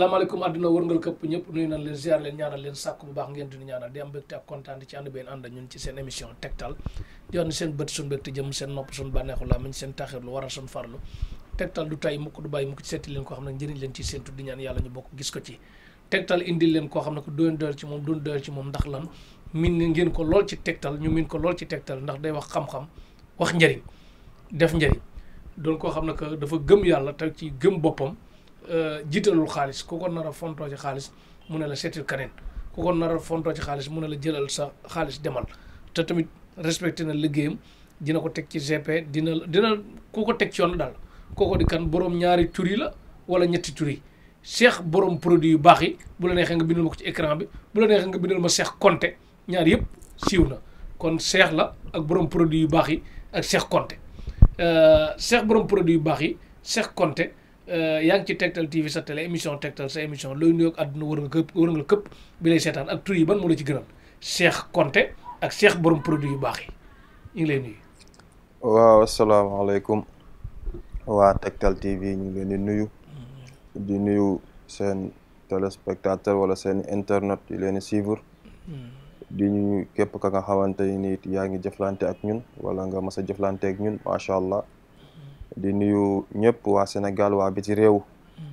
salaamaaleykum àdduna wërngal këpp ñëpp nuyu nañ leen ziar leen ñaanal leen sàkk bu baax ngeen di ñaanal di am mbégte ak kontaan ci ànd benn ànd ñun ci seen émission tegtal di wax ni seen bët suñu mbégte jëm seen nopp suñu bànneexu la miñ seen taxirlu waral suñu farlu tegtal du tay mukk du bàyyi mukk seeti leen koo xam ne njëriñ leen ci seen tudd ñaan yàlla ñu bokk gis ko ci tegtal indil leen koo xam ne ko doon doyal ci moom doon doyal ci moom ndax lan ko lool ci tegtal ñu min ko lool ci tegtal ndax day wax xam-xam koo xam ne que dafa gëm yàlla te ci gëm boppam jiitalul xaalis ku ko nar a fontoo ci xaalis mu ne la seetil keneen ku ko nar fontoo ci xaalis mu ne la jëlal sa xaalis demal te tamit respecté na liggéeyam dina ko teg ci GP dina dina ku ko teg ci yoon daal kooko di kan borom ñaari tur la wala ñetti tur yi seex borom produit yu baax yi bu la neexee nga bindal ma ko ci écran bi bu la neexee nga bindal ma seex Konte ñaar yëpp siiw na kon seex la ak borom produit yu baax yi ak seex Konte euh, seex borom produit yu baax yi seex Konte. Euh, yaa ngi ci Tektal TV sa télé émission Tektal sa émission looy nuyoog àdduna wër nga këpp wër nga këpp bi lay seetaan ak tur yi ban moo la ci gënal Cheikh Konté ak Cheikh borom produit yu baax yi ñu ngi lay nuyu. waaw asalaamaaleykum waa Tektal TV ñu ngi leen nuyu. Mm-hmm. di nuyu seen téléspectateur wala seen internet yi leen mm-hmm. di suivre. di ñu képp ka nga xamante ni yaa ngi jëflante ak ñun wala nga mas a jëflante ak ñun macha allah. di nuyu ñëpp waa Sénégal waa biti réew mm.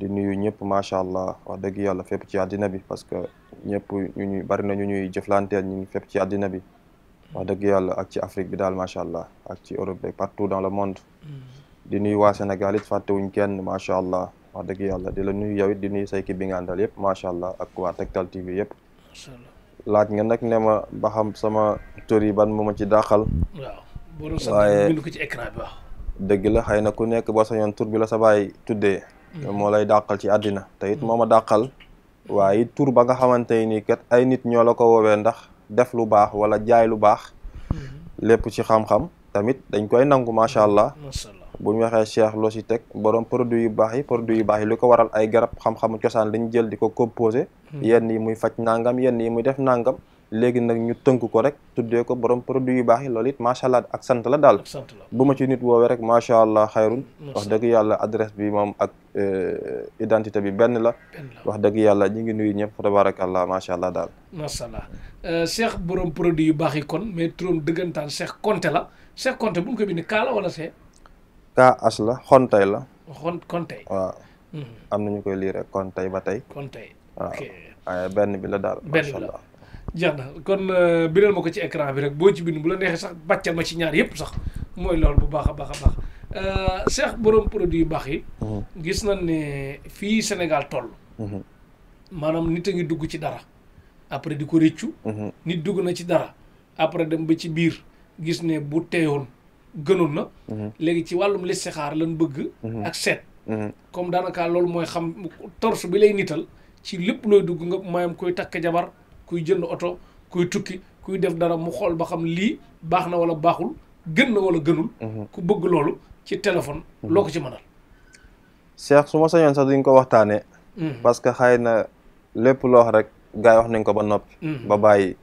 di nuyu ñëpp macha allah wa dëgg yàlla fépp ci àddina bi parce que ñëpp ñu ñuy bari na ñu ñuy jëflanteel ñu ngi fépp ci àddina bi mm. wax dëgg yàlla ak ci Afrique bi daal macha allah ak ci Europe bi partout dans le monde mm. di nuyu waa Sénégal it fàttewuñ kenn macha allah wa dëgg yàlla di la nuyu yow di nuyu say ki bi nga àndal yëpp macha allah ak waa Tektal TV yëpp laaj nga nag ne ma ba sama tur yi ban mu ma ci dégg la xëy na ku nekk boo sañoon tour bi la sa baay tuddee mm-hmm. moo lay dàqal ci àddina te it moo ma mm-hmm. dàqal waaye tur ba nga xamante ni kat ay nit ñoo la ko woowee ndax def lu baax wala jaay lu baax mm-hmm. lépp ci xam-xam tamit dañ koy nangu macha allah bu ñu waxee cheikh loo si teg borom produit yu baax yi produit yu baax yi li ko waral ay garab xam-xamu cosaan lañ jël di ko composé yenn yi muy faj nangam yenn yi muy def nangam léegi nag ñu tënk ko rek tuddee ko borom produit yu baax yi loolu it macha allah ak sant la daal. sant bu ma ci nit woowee rek macha allah xayrun. wax dëgg yàlla adresse bi moom ak eh, identité bi benn la. wax dëgg yàlla ñu ngi nuyu ñëpp tabarakallah macha allah daal. macha allah euh, Cheikh borom produit yu baax yi kon mais turam dëggantaan Cheikh Konte la Cheikh Konte bu ñu ko bindee K la wala C. K as la xontay la. xon Konte. waaw mhm. am na ñu koy lire Konte ba tey. Konte waaw benn bi la daal. benn allah. jeex na kon euh, bindal ma ko ci ecran bi rek boo ci bind bu la neexee sax bàccal ma ci ñaar yëpp sax mooy lool bu baax a baax a baax euh, Cheikh borom produit yu baax yi. Mhm. gis na ne fii Sénégal toll. Mhm. maanaam nit a ngi dugg ci dara après di ko rëccu. Mhm. nit dugg na ci dara après dem ba ci biir gis ne bu teewoon gënoon na. léegi ci wàllum listixaar lañ bëgg. ak seet. comme daanaka loolu mooy xam torsu bi lay nital ci lépp looy dugg nga maayam koy takk jabar. kuy jënd oto kuy tukki kuy def dara mu xool ba xam lii baax na wala baaxul gën na wala gënul. Mhm. ku bëgg loolu ci téléphone. Mhm. loo ko ci mënal. Cheikh su ma sañoon sax duñ ko waxtaanee. Mhm. parce que xëy na lépp loo wax rek gars yi nañ ko ba noppi. ba bàyyi.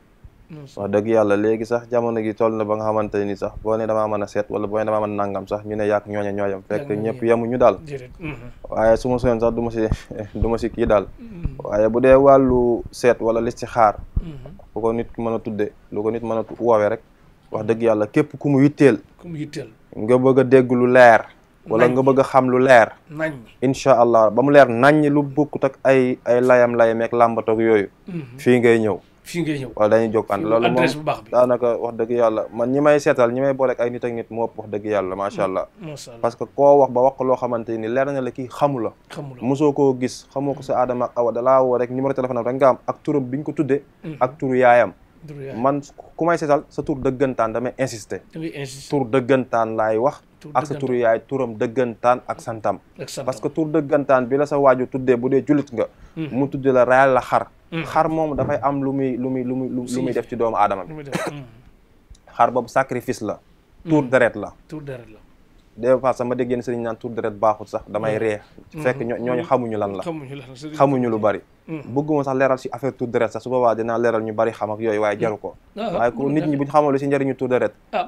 wax dëgg yàlla léegi sax jamono gi toll na ba nga xamante ni sax boo ne damaa mën a seet wala boo ne damaa mën sax ñu ne yàq ñooña ñooyam fekk ñëpp yemuñu daal. waaye su ma sañoon sax du si kii daal. Mm-hmm. waaye bu dee wàllu seet wala listixaar mm-hmm. bu ko nit mën a tudde lu ko nit mën a woowee rek wax dëgg yàlla képp ku mu yitteel nga bëgg a dégg lu leer wala nga bëgg a xam lu leer nañ incha allah ba mu leer nañ lu bokkut ay ay layam-layam ak làmbatook yooyu mm-hmm. fii ngay ñëw fii ngay ñëw waaw dañuy jóg ànd loolu adresse daanaka wax dëgg yàlla man ñi seetal ñi may booleeg ay nit ak nit moo ëpp wax dëgg yàlla macha mm, allah parce que ko wax ba wax loo xamante ni leer na la kii xamu la mosoo koo gis xamoo ko sa aadama ak awa dalaa woo rek numéro téléphone am rek nga am ak turam bi ko tuddee mm-hmm. ak turu yaayam man ku may seetal sa tur dëggantaan damay insister tur dëggantaan laay wax ak sa turu yaay turam dëggantaan ak santam parce que tur dëggantaan bi la sa waaju tuddee bu dee jullit nga mm-hmm. mu tuddee la la xar Mm. xar moom dafay am lu muy lu muy lu muy lu muy def ci doomu aadama bi mm. xar boobu sacrifice la mm. tuur deret la tuur deret la des fois sama dégg yenn sëriñ naan tuur deret baaxul sax damay ree fekk ñooñu xamuñu lan la xamuñu lu bari bëgguma sax leeral si affaire tuur deret sax su boobaa dinaa leeral ñu bari xam ak yooyu waaye jaru ko ah, ah, waaye ku nit ñi buñ xamul si njëriñu tuur deret ah,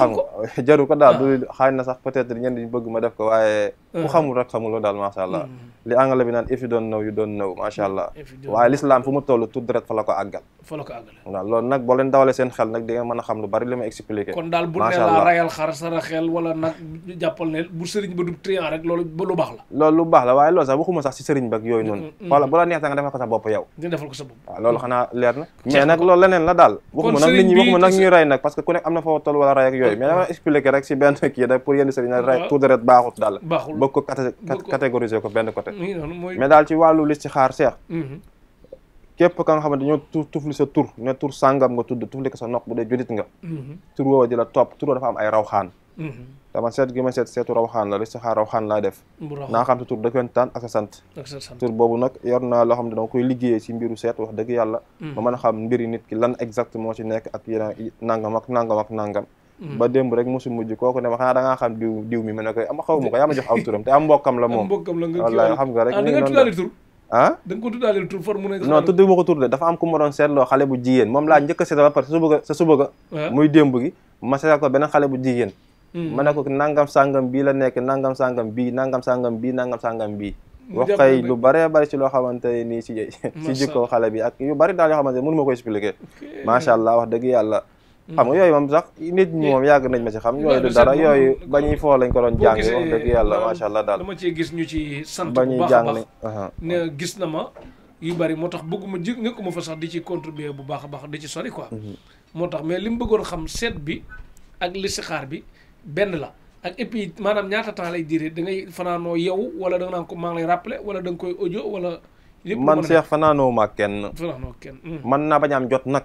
xam jaru ko daal du xaaj na sax peut-être ñenn ñi bëgg ma def ko waaye ku xamul rek xamuloo daal masha Allah li anglais bi naan if you don't know you don't know macha allah waaye l'islam fu mu toll tout deret fa la ko la ko àggal waaw loolu nag boo leen dawalee seen xel nag di nga a xam lu bari li ma expliqué kon daal bu ne la rayal xar sara xel wala nag jàppal ne bu sëriñ ba du trian rek loolu baax la loolu lu baax la waaye loolu sax waxuma sax si sëriñ bak yooyu mm, noonu wala mm, mm. bu la neex nga defal ko sa loolu xanaa leer na mais nag loolu leneen benn kii rek mi ngi noonu mooy. mais daal ci wàllu listixaar seex. Mhm. képp ka nga xamante ñoo tu tufli sa tur ne tur sàngam nga tudd tufli ko sa nopp bu dee julit nga. Mhm. tur woowa a la topp tur dafa am ay rawxaan. Mhm. dama seet gi ma seet seetu rawxaan la listixaar rawxaan laa def. naa xam sa tur dëkkantaan ak sa sant. ak sa sant tur boobu nag yor naa loo xam ne danga koy liggéeyee si mbiru seet wax dëgg yàlla. ba mën a xam mbiri ki lan exactement ci nekk ak yeneen nangam. ba démb rek mosu mujj kooku ne ma xanaa da ngaa xam diw diw mi ma ne koy am xaw ma ko yaa ma jox aw turam te am mbokkam la moom mbokkam la rek ah, da nga tuddaale tur ah ma ko tur bu jigéen moom laa njëkk a seetal ba pare sa suba ah. ko beneen xale bu jigéen hmm. ma ne ko nangam sangam bii la nekk nangam sàngam bi nangam sangam bi nangam sangam bi wax kay lu bare bari si loo xamante nii ci ci jikko xale bi ak yu bari daal yoo xamante mënu ma ko expliquer macha allah wax dëgg yàlla xam nga yooyu moom sax nit ñi moom yàgg nañ ma ci xam yooyu du dara yooyu ba ñuy foo lañ ko doon jàng wax dëgg gis ñu ci sant ba ñuy gis na ma yu bari moo tax bëgguma ji ma fa sax di ci contribuer bu baax a baax di ci sori quoi mhm. moo tax mais li mu bëggoon xam seet bi ak listixaar bi benn la ak et puis maanaam ñaata temps lay diire da ngay fanaanoo yow wala da nga naan ko maa ngi lay rappeler wala da nga koy audio wala man seex fanaanoo ma kenn fanaanoo kenn hmm. man naa bañ am jot nag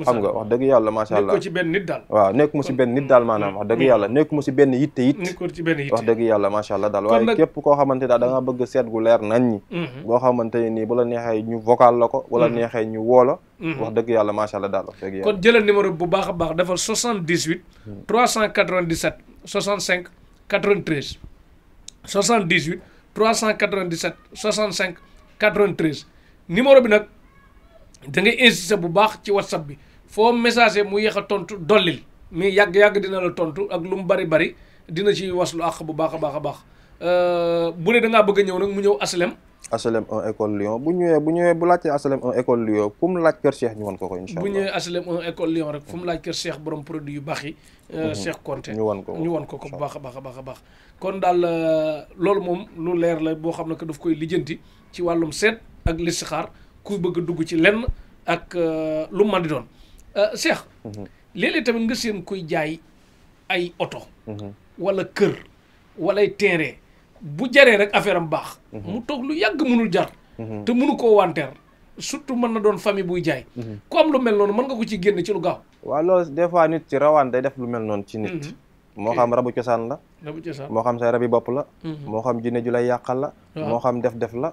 xam nga wax dëgg yàlla macha allah nekkoo ci benn nit daal waaw nekk mu si benn nit daal maanaam mm-hmm. wax nekk mu si benn wax dëgg yàlla macha allah daal waaye képp koo xamante daal da nga bëgg seet gu leer nañ goo mm-hmm. xamante ne nii bu la neexee ñu vocal la ko wala mm-hmm. neexee ñu woo la wax dëgg yàlla macha allah daal wax dëgg yàlla kon jëlal numéro bu baax a baax dafa 78 397 65 93 78 397 65 93 numéro bi nag da ngay insister bu baax ci whatsapp bi foo messager mu yéex a tontu dollil mais yàgg-yàgg dina la tontu ak lu mu bari bari dina ci waslu àq bu baax a baax a baax euh, bu dee da bëgg a ñëw nag mu ñëw aslem aslem un école Lyon bu ñëwee bu ñëwee bu laajtee aslem un école Lyon laaj kër Cheikh ñu wan ko ko incha allah bu ñëwee aslem un école Lyon rek fu mu laaj kër Cheikh baax yi. Euh, mhm. Cheikh Konte ñu wan ko ñu ko ko bu baax a baax a baax kon daal euh, loolu moom lu leer la boo xam ne que daf koy lijjanti ci wàllum seet ak listixaar ku bëgg dugg ci lenn ak euh, lu man di doon euh, Cheikh mhm. léeg-léeg tamit nga seen kuy jaay ay oto mhm. wala kër wala ay tere bu jaree rek affaire am baax mhm. mu toog lu yàgg mënul jar te mënu koo wanteer surtout mën na doon famille buy jaay ku am lu mel noonu mën nga ko ci génn ci lu gaaw waaw loolu des fois nit ci rawaan day def lu mel noonu ci nit moo xam rabu cosaan la rabu cosaan moo xam say rabi bopp la moo xam jinne ju lay yàqal la moo xam def def la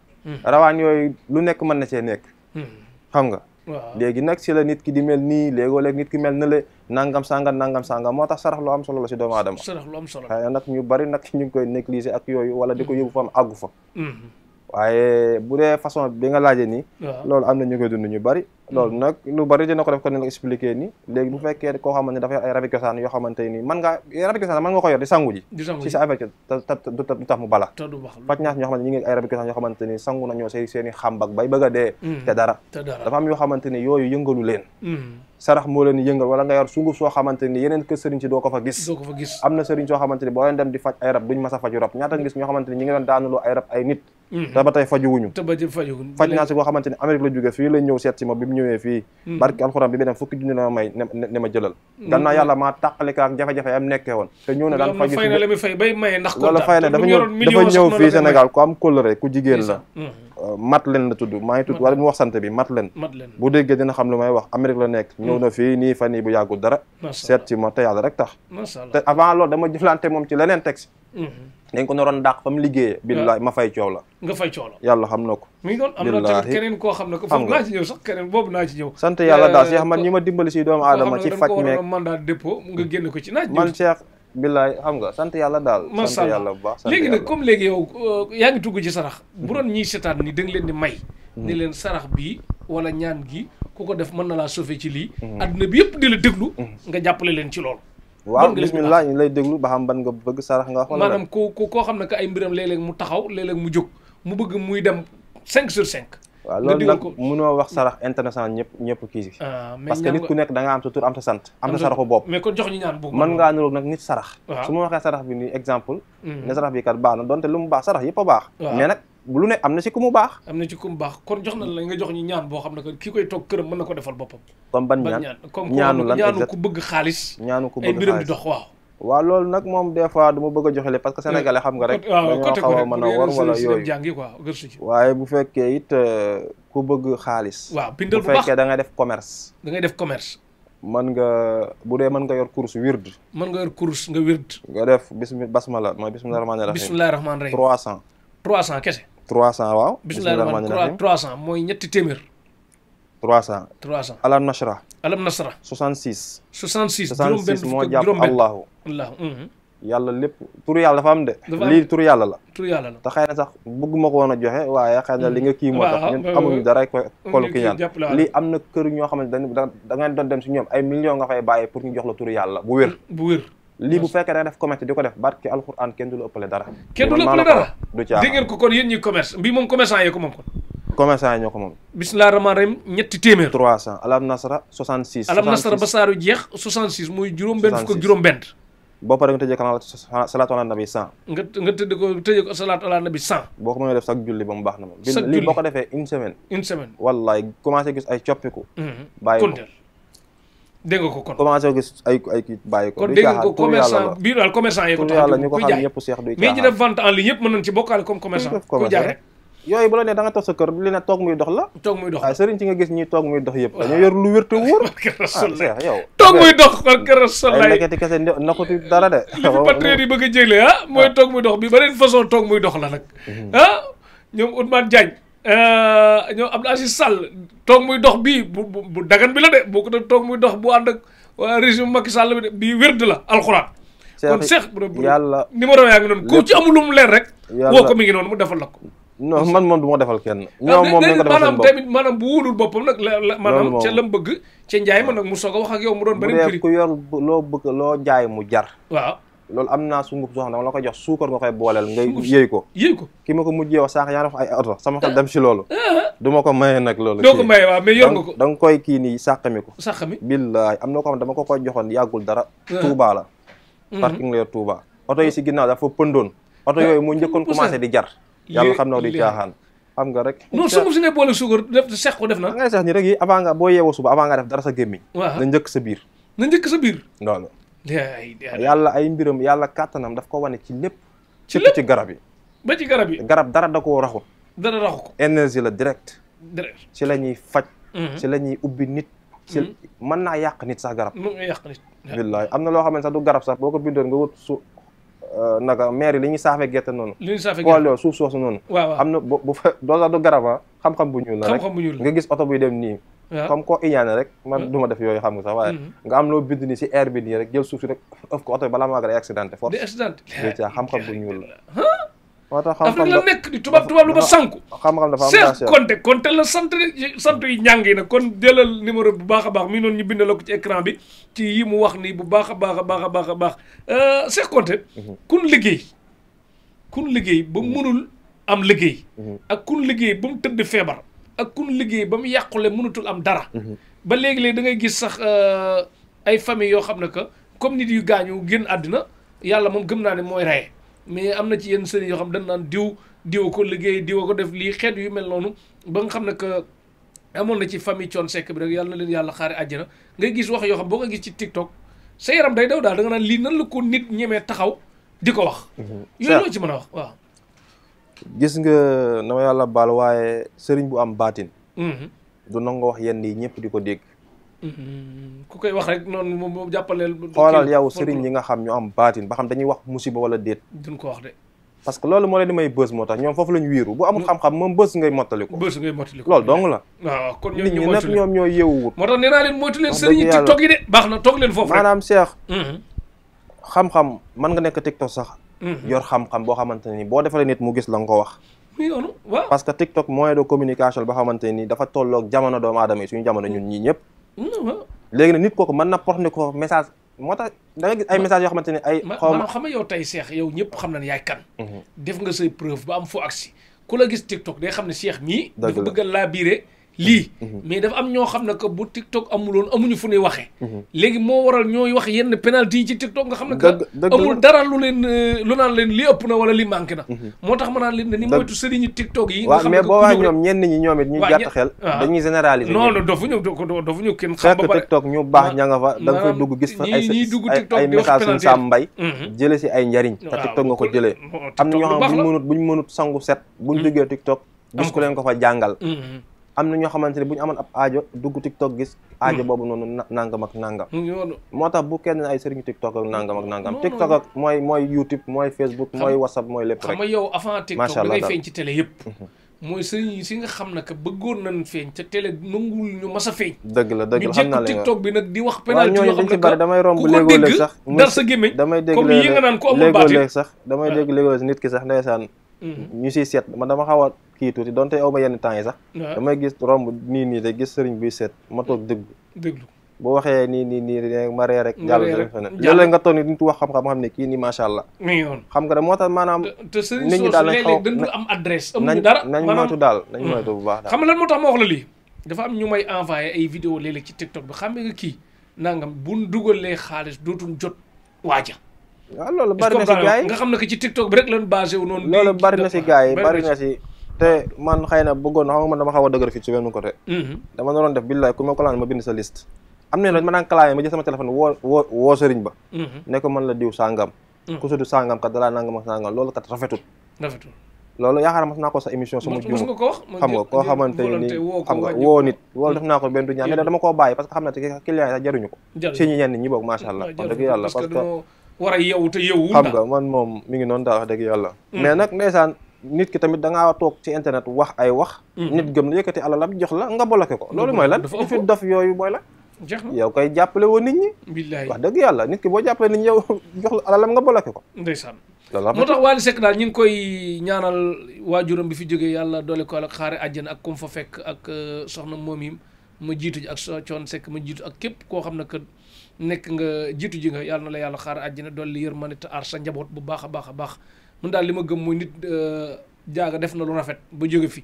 Hmm. rawaan yooyu lu nekk mën na cee nekk hmm. xam nga léegi nag si la nit ki di mel nii léegoo léeg nit ki mel na le nangam sangam nangam sangam moo tax sarax lu am solo la si doomu aadama sarax lu am solo xëy na nag ñu bari nag ñu ngi koy négliger ak yooyu wala di ko hmm. yóbbu fa am àggu fa waaye bu dee façon bi nga laajee nii. loolu am na ñu koy dund ñu bari. Hmm. loolu nag lu bari dina ko def ko ni expliqué nii léegi bu fekkee koo xamante ne dafa yor ay rabi cosaan yoo xamante man nga ko di sangu ji sa affaire du tax bala faj ñaas ñoo ñu ngi ay rabi cosaan yoo sangu nañoo seen seen i xàmbak bay bëgg a dee hmm. te dara dafa am yoo xamante yooyu yëngalu leen hmm. sarax moo leen yëngal wala nga yor sunguf soo xamante yeneen kër sëriñ si doo ko fa gis am na sëriñ soo xamante boo leen dem a mhm. mhm. may ne ma mhm. jafe-jafe am nekkee woon te ñëw ne daan faju fay na dafa ñëw dafa ñëw fii Sénégal ku am la Euh, Madeleine la tudd maa ngi tudd wala mu wax sant bi Madeleine bu déggee dina xam lu may wax Amérique la nekk ñëw na fii nii fan yii bu yàggul dara seet ci ma te yàlla rek tax te avant loolu dama jëflante moom ci leneen texte mhm. dañ ko naroon dàq fa mu liggéeyee ah. ma fay coow la nga xam na ko mi ngi daal Cheikh man euh, ñi ma dimbali si doomu ci faj meek mandat dépôt billaay xam nga sant yàlla daal. sant yàlla bu baax léegi nag comme léegi yow euh, yaa ngi tugg ci sarax. bu doon ñiy seetaan ni da leen di may. ni hmm. leen sarax bii wala ñaan gi ku ko def mën na laa sauver ci lii. Hmm. adduna bi yëpp di la déglu. Hmm. nga jàppale leen ci lool waaw bismillah ñu lay déglu ba xam ban nga bëgg sarax nga. wax maanaam ku koo xam ne que ay mbiram léeg-léeg mu taxaw léeg-léeg mu jóg mu bëgg muy dem cinq sur cinq waaw loolu nag mënoo wax sarax international ñëpp ñëpp kii ah, parce que nit ku nekk da nga am sa tur am sa sant am sa saraxu bopp mais kon jox ñu ñaan boobu mën ngaa niroog nag nit sarax su ma waxee sarax bi ni exemple mm-hmm. ne sarax bi kat baax na donte lu mu baax sarax yëpp a baax mais lu ne am na ci ku baax am kon jox na la nga jox ñu ñaan boo xam ne que kii koy toog këram mën na ko defal boppam comme ban ñaan ñaanu lan ñaanu ku bëgg xaalis ñaanu ku waaw loolu nag moom des fois du ma bëgg a joxele parce que sénégalais xam nga rek dañoo xaw a mën a war waaye bu fekkee it euh, ku bëgg xaalis waaw bindal bu da ngay def commerce da def commerce mën nga bu dee mën nga yor course wird mën nga yor course nga wird nga def bismi basmala mooy bismillahi rahmaani rahim bismillahi rahmaani rahim trois cent trois cent trois cent waaw bismillahi rahmaani rahim trois mooy ñetti téeméer trois cent trois cent ala nashra alam nasra 66. 66 66 moo jàpp allahu allahu mhm. yàlla lépp tur yàlla dafa am de. lii tur yàlla la. tur yàlla la te sax bëgguma ko woon a joxe waaye xëy na li nga kii moo tax ñun dara ko kolu ki am na kër ñoo xam ne da da ngeen doon dem si ñoom ay nga fay bàyyee pour ñu jox la tur yàlla bu wér. Mm, bu wér lii bu fekkee da def commerce di ko def barke alxuraan kenn du la ëppale dara. kenn du la ëppale dara. du caa dégg ngeen commerce mbi moom commerçant yee ko commerçant yi ñoo ko moom. bisimilah rahmaani rahim ñetti téeméer. 300 alam nasara 66. 66 alam nasara ba saaru jeex 66 muy juróom-benn fukk ak juróom-benn. boo paree nga tëjee ko tëjee ko salaatu boo ko mënee def chaque julli ba mu baax na moom. chaque julli lii boo ko defee une semaine. une semaine wallaay commencé gis ay coppiku. Mm-hmm. bàyyi ko compteur dégg ko kon. commencé gis ay ay kii tax a. ko xam ñëpp seex duy caaxaan en ligne yëpp mën nañu ci bokkaale comme commerçant. kuy jaay yooyu bu la nee da toog sa kër li ne toog toog muy dox la ah, sëriñ ci dox yëpp. waaw dañoo yor lu wér te wóor. Ah, yow toog muy dox par kër Rasulullah. ay nekkati kese nakuti dara de. li fi patriote yi bëgg a jëlee ah. ah. toog muy dox bi beneen façon toog muy dox la nag. Mhm. ah ñoom Ousmane Diagne. Sall toog muy dox bii bu bu dagan bi la de boo ko toog muy dox bu ànd ak waa régime Macky Sall bi de bii wérd la alxuraan. kon Cheikh yàlla numéro yaa ngi noonu ku ci amul lu mu leer rek. woo ko mi ngi noonu mu defal la non man moom du ma defal kenn. ñoom moom la nga bopp tamit maanaam bu wóolul boppam nag. la la ca la mu bëgg. ca njaay ma nag mu soog wax ak yow mu doon beneen prix. bu ku yor loo bëgg jaay mu jar. waaw loolu am naa sungub soo xam ne la koy jox suukar nga koy booleel ngay yëy ko. yëy ko ki a ko mujjee wax sànq yaa dafa ay oto sama xel ah. dem si loolu. Ah. du ma ko maye nag loolu. doo ko maye nga ko da koy kii nii sàqami ko. sàqami billaay am na ko dama ko koy joxoon yàggul dara. Ah. Touba la. Mm-hmm. parking la yor Touba oto yi si ginnaaw dafa pëndoon oto yooyu mu njëkkoon commencé di jar yàlla xam na di caaxaan xam nga rek non sunguf si ngay boole suukar def sex ko def na ngay sex ni rek yi avant nga boo yeewoo suba avant nga def dara sa gémmiñ waaw na njëkk sa biir na njëkk sa biir loolu ay mbiram yàlla kàttanam daf ko wane ci lépp ci garab yi ba ci garab yi garab dara da koo raxu dara la direct ci la ñuy faj mm-hmm. ci la ñuy ubbi nit ci mm-hmm. mën naa yàq nit sax garab mën naa yàq nit na loo xam ne sax du garab sax boo ko bindoon nga wut su Euh, naka maire yi li ñuy saafe gerte noonu xool yow suuf soosu noonu waaw am na bu fa doo sax du garaba ah, xam-xam bu ñuul la rek nga gis oto buy dem nii comme ko iñaane rek man du ma def yooyu xam nga sax waaye mm-hmm. nga am loo bind nii si air bi nii rek jël suuf si rek ëf ko oto bi balaa maa gara accidenté force décaa xam-xam bu ñuul la moo tax xam la nekk di tubaab tubaab lu ma sànku. xam-xam dafa am cher Cheikh Konte Konte la sant sant yi njàng yi nag kon jëlal numéro bu baax a baax mi noonu ñu bindaloo ko ci écran bi ci yi mu wax nii bu baax a baax a baax a baax a baax euh, Cheikh Konte. Mhm. kun liggéey kun liggéey ba mhm. mu mënul am liggéey. Mhm. ak kun liggéey ba mu tëdd feebar. ak kun liggéey ba mu yàqulee mënatul am dara. ba léegi-léegi da ngay gis sax euh, ay famille yoo xam ne que comme nit yu gaañu génn àddina yàlla moom gëm naa ne mooy reye mais am na ci yenn sëriñ yoo xam dañ naan diw diw ko liggéey diw ko def li xeet yu mel noonu ba nga xam ne que amoon na ci fami Thione sekk bi rek yàlla leen yàlla xaare àjjana ngay gis wax yoo xam boo ko gis ci TikTok sa yaram day daw daal da nga naan lii nan la ko nit ñemee taxaw di ko wax. Mhm. yooyu loo ci mën a wax waaw. gis nga na ma yàlla baal waaye sëriñ bu am baatin. Mhm. du nangoo wax yenn yi ñëpp di ko dégg. Mm-hmm. ku koy wax rek noonu moom moom jàppaleel. xoolal yow sëriñ yi nga xam ñu am baatin ba xam dañuy wax musiba wala déet. duñ ko wax de. parce que loolu moo leen may bës moo tax ñoom foofu lañ wiiru bu amul xam-xam moom la ah, waaw moo tax nee naa leen moytu leen sëriñ yi tiktok mm-hmm. xam-xam nga nekk tiktok sax mm-hmm. yor xam-xam boo xamante ne ni boo defalee nit mu gis la ko wax yoonu waaw parce que tiktok moyen de communication ba xamante ne dafa tolloog jamono doomu aadama yi suñu jamono ñun ñii ñëpp léegi nag nit kooku mën na porte ne ko message moo tax da gis ay message yoo xamante ay xaw ma xam nga yow tey Cheikh yow ñëpp xam nañ yaay kan mhm. def nga say preuve ba am foo agsi ku la gis TikTok day xam ne Cheikh mii dafa bëgg a laabiré lii. Mhm. Mhm. mais dafa am ñoo xam ne que bu TikTok amuloon amuñu fu ñuy waxee. Mhm. léegi moo waral ñooy wax yenn penalty yi ci TikTok nga xam ne que. amul dara lu leen euh, lu naan leen li ëpp na wala li manqué na. moo tax ma naan leen ne ni moytu sëriñu TikTok yi. nga xam ne mais boobaa ñoom ñenn ñi ñoom it ñu jàtt ba pare TikTok ñu baax ña nga fa da nga fay dugg gis fa. ay ay message suñu sàmm mbay. jëlee si ko leen ko fa jàngal am na ñoo xamante ne bu ñu amoon ab aajo dugg TikTok gis. aajo hmm. boobu noonu nangam ak nangam. moo tax bu kenn ay sëriñu TikTok ak nangam ak nangam. TikTok ak mooy mooy YouTube mooy Facebook mooy WhatsApp mooy lépp rek. xam yow avant TikTok dangay feeñ ci télé yëpp. Mhm. mooy sëriñ yi si nga xam ne que bëggoon nañ feeñ te télé nanguwul ñu mas a feeñ. dëgg la dëgg la xam naa la ñu TikTok bi nag wax. penalty yoo xam damay romb léegoo léeg sax. dar sa gémmiñ damay dégg léeg-léeg sax damay dégg léegoo nit ki sax saan Mm-hmm. ñu siy seet man dama xaw kii tuuti donte aw ma yenn temps yi sax damay gis romb nii nii rek gis sëriñ buy seet ma toog déglu déglu boo waxee ni nii nii ma ree rek jàll rek feneen léeg-léeg nga toog ni wax xam-xam xam ne kii nii macha allah xam nga moo tax maanaam nit ñi daal nañ xaw dañ am adresse daal nañ mm. moytu bu baax daal xam lan ma wax la am ñu may envoyé ay vidéo léeg-léeg ci TikTok bi xam nga kii nangam buñ dugalee xaalis dootul jot waaja waaw ah, loolu bari na si gars yi nga xam ne que ci TikTok bi rek lañ basé wu noonu. bari na si te man xëy na bëggoon na xam nga man dama xaw a dëgër fii ci benn côté. Mhm. dama naroon def billaay ku ma ko ma bind sa liste. am nañu la ma daan kalaayee ma jël sama téléphone woo woo woo ba. Mhm. ne man la diw sàngam. Mhm. ku sudu sàngam kat dalaa nangam ak sàngam loolu kat rafetul. loolu yaakaar mas naa ko ko xam na te client yi sax jaruñu ko. si ñi ñenn ñi boog macha ah, allah. wax dëgg yàlla parce que war a yeewu te yeewu. xam nga man moom mi ngi noon daal wax dëgg yàlla. Mm. mais nag ndeysaan nit ki tamit da ngaa toog ci internet wax ay wax. Mm. nit gëm la yëkkati alalam jox la nga bloqué ko. loolu mooy lan fi dof yooyu mooy lan. jeex na yow kay jàppale woon nit ñi. billaay wax dëgg yàlla nit ki boo jàppale nit ñi yow jox la alalam nga bloqué ko. ndeysaan. moo tax Wally sekk daal ñu ngi koy ñaanal waajuram bi fi jógee yàlla doole ko ak xaare àjjana ak kum fa fekk ak euh, soxna moom mi ma jiitu ak coon sekk ma jiitu ak képp koo xam ne que nekk nga jiitu ji nga yàlla na la yàlla xaar àjjana dolli yërmande te aar sa njaboot bu baax a baax a baax mun daal li ma gëm mooy nit euh, jaaga def na lu rafet ba jóge fi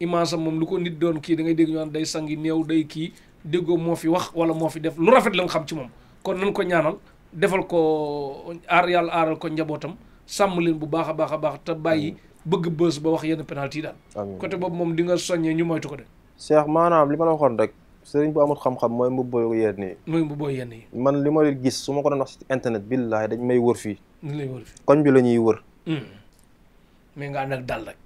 image moom lu ko nit doon kii da ngay dégg ñu naan day sangi néew day kii déggoo moo fi wax wala moo fi def lu rafet la nga xam ci moom kon nañ ko ñaanal defal ko aar yàlla aaral ko njabootam sàmm leen bu baax a baax a baax te bàyyi bëgg bës ba wax yenn penalty yi daal côté boobu moom di nga soññee ñu moytu ko de Cheikh maanaam li ma la waxoon rek sëriñ bu amul xam-xam mooy mbubboo yenn man li ma gis su ma ko doon wax ci internet billaahi dañ may wër fii lay koñ bi la ñuy wër hmm. mais nga ànd ak dal rek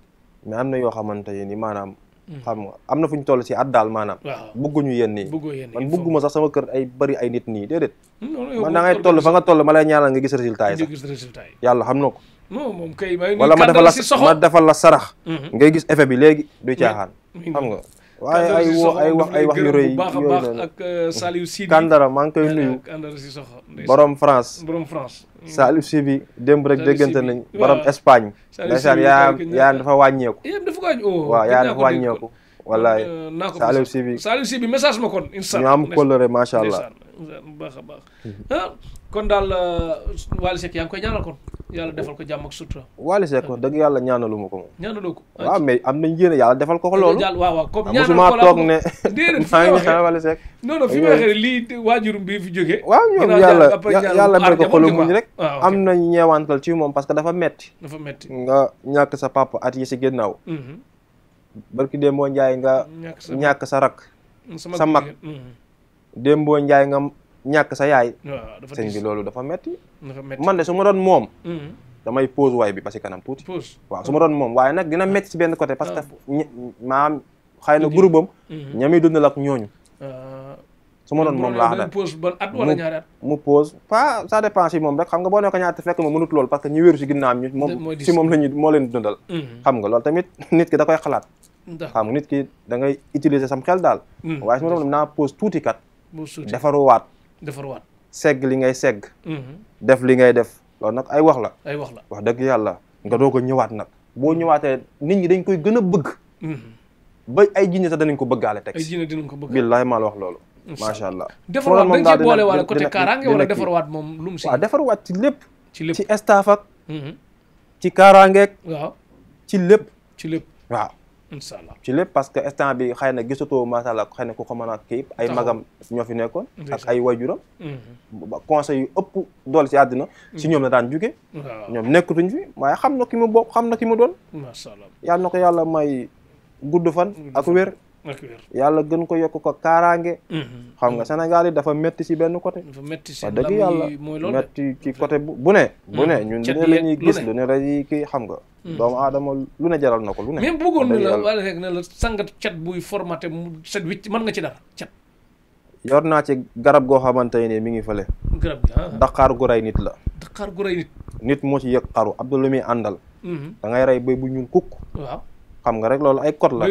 mais am na yoo xamante ni maanaam hmm. xam nga am na fu ñu toll si at daal maanaam bëgguñu yenn yi man bëgguma sax sama kër ay bari ay nit nii déedéet hmm, man da ngay toll fa nga toll ma lay ñaanal nga gis résultat yi sax yàlla xam na ko non moom kay wala ma defal la ma defal la sarax ngay gis effet bi léegi du caaxaan waaye ay ay wax ay wax yu rëy yooyu noonu ak euh, Saliou Sibi Kandara maa ngi koy nuyu borom France borom France Saliou Sibi démb rek déggante nañ borom Espagne ndeysaan yaa yaa dafa wàññeeku oh, waaw yaa dafa wàññeeku wallaay euh, Saliou Sibi Saliou Sibi message ma kon incha allah ñu am coloré macha allah a baax hmm. ah, kon daal euh, Wally Seck koy ñaanal kon yàlla defal ko jàmm ak sutura. Wally Seck kon dëgg yàlla ñaanaluma ko moom. ñaanaloo ko waaw mais am nañ yéene yàlla defal ko ko loolu. waaw waaw comme ñaanal ko la musuma toog ne. bi fi jógee. waaw ñoom yàlla yàlla may ko xolu muñ rek. am nañ ñeewantal ci moom parce que dafa metti dafa metti nga ñàkk sa papa at yi si ginnaaw. Mm-hmm. barki Demba Ndiaye nga. ñàkk sa ñàkk sa rak. sa mag mm-hmm. Demba nga ñàkk sa yaay. sëñ bi loolu dafa metti man de su ma doon moom. Mm-hmm. damay pause waay bi ba si kanam tuuti. waaw su ma doon moom waaye nag dina metti si benn côté parce que ah. maam xëy na groupe am. Mm-hmm. ñami dundal ak ñooñu. Ah. su ma doon moom laa xam ne mu pause pas ça dépend si moom rek xam nga boo nekk ñaata fekk mu mënut lool parce que ñu wéru si ginnaaw si moom la moo leen dundal. Mm-hmm. xam nga loolu tamit nit ki da koy xalaat. xam nga nit ki da ngay utiliser sam xel daal. waaye su ma doon naa pause tuuti kat. defaruwaat defarwaat segg li ngay segg. Mm-hmm. def li ngay def loolu nag ay wax la. ay wax la wax dëgg yàlla nga doo ko ñëwaat nag boo ñëwaatee nit ñi dañ koy gën a bëgg. Mm-hmm. ba ay jinne sax danañ ko bëggaale teg. ay jinne dinañ ko bëgg billaay maa la wax loolu. macha allah defarwaat dañ cee boole wala côté kaaraange wala defarwaat moom lu mu si. waaw defarwaat ci lépp. ci lépp ci staff ak. Mm-hmm. ci kaaraangeeg. waaw ci lépp. ci lépp waaw. incha allah ci lépp parce que instant bi xëy na gisatoo macha allah xëy na ku ko mën a kii ay magam ñoo fi nekkoon ak ay wajuram mhm. conseil yu ëpp dool ci àddina ci ñoom la daan jóge ñoom nekkatuñ fi waaye xam na ki mu bokk xam na ki mu doon yàlla na ko yàlla may gudd fan ak wér yàlla gën ko yokku ko kaaraange. Mhm. xam nga Sénégal yi dafa métti si benn côté. dafa métti si dëgg yàlla métti ci côté bu bu ne. bu ne ñun lu ne la ñuy gis lu ne la ñuy xam nga. Mhm. doomu aadama lu ne jaral na ko lu ne. même bëggoon na la wala rek ne buy formaté mu set wicc man nga ci dara cat. yor naa ci garab goo xamante ne mi ngi fële. garab gi ah gu rey nit la. daqaar gu rey nit. nit moo ci yëg xaru ab lu àndal. Mhm. da rey béy bu ñuul kukk. xam nga rek loolu ay code la.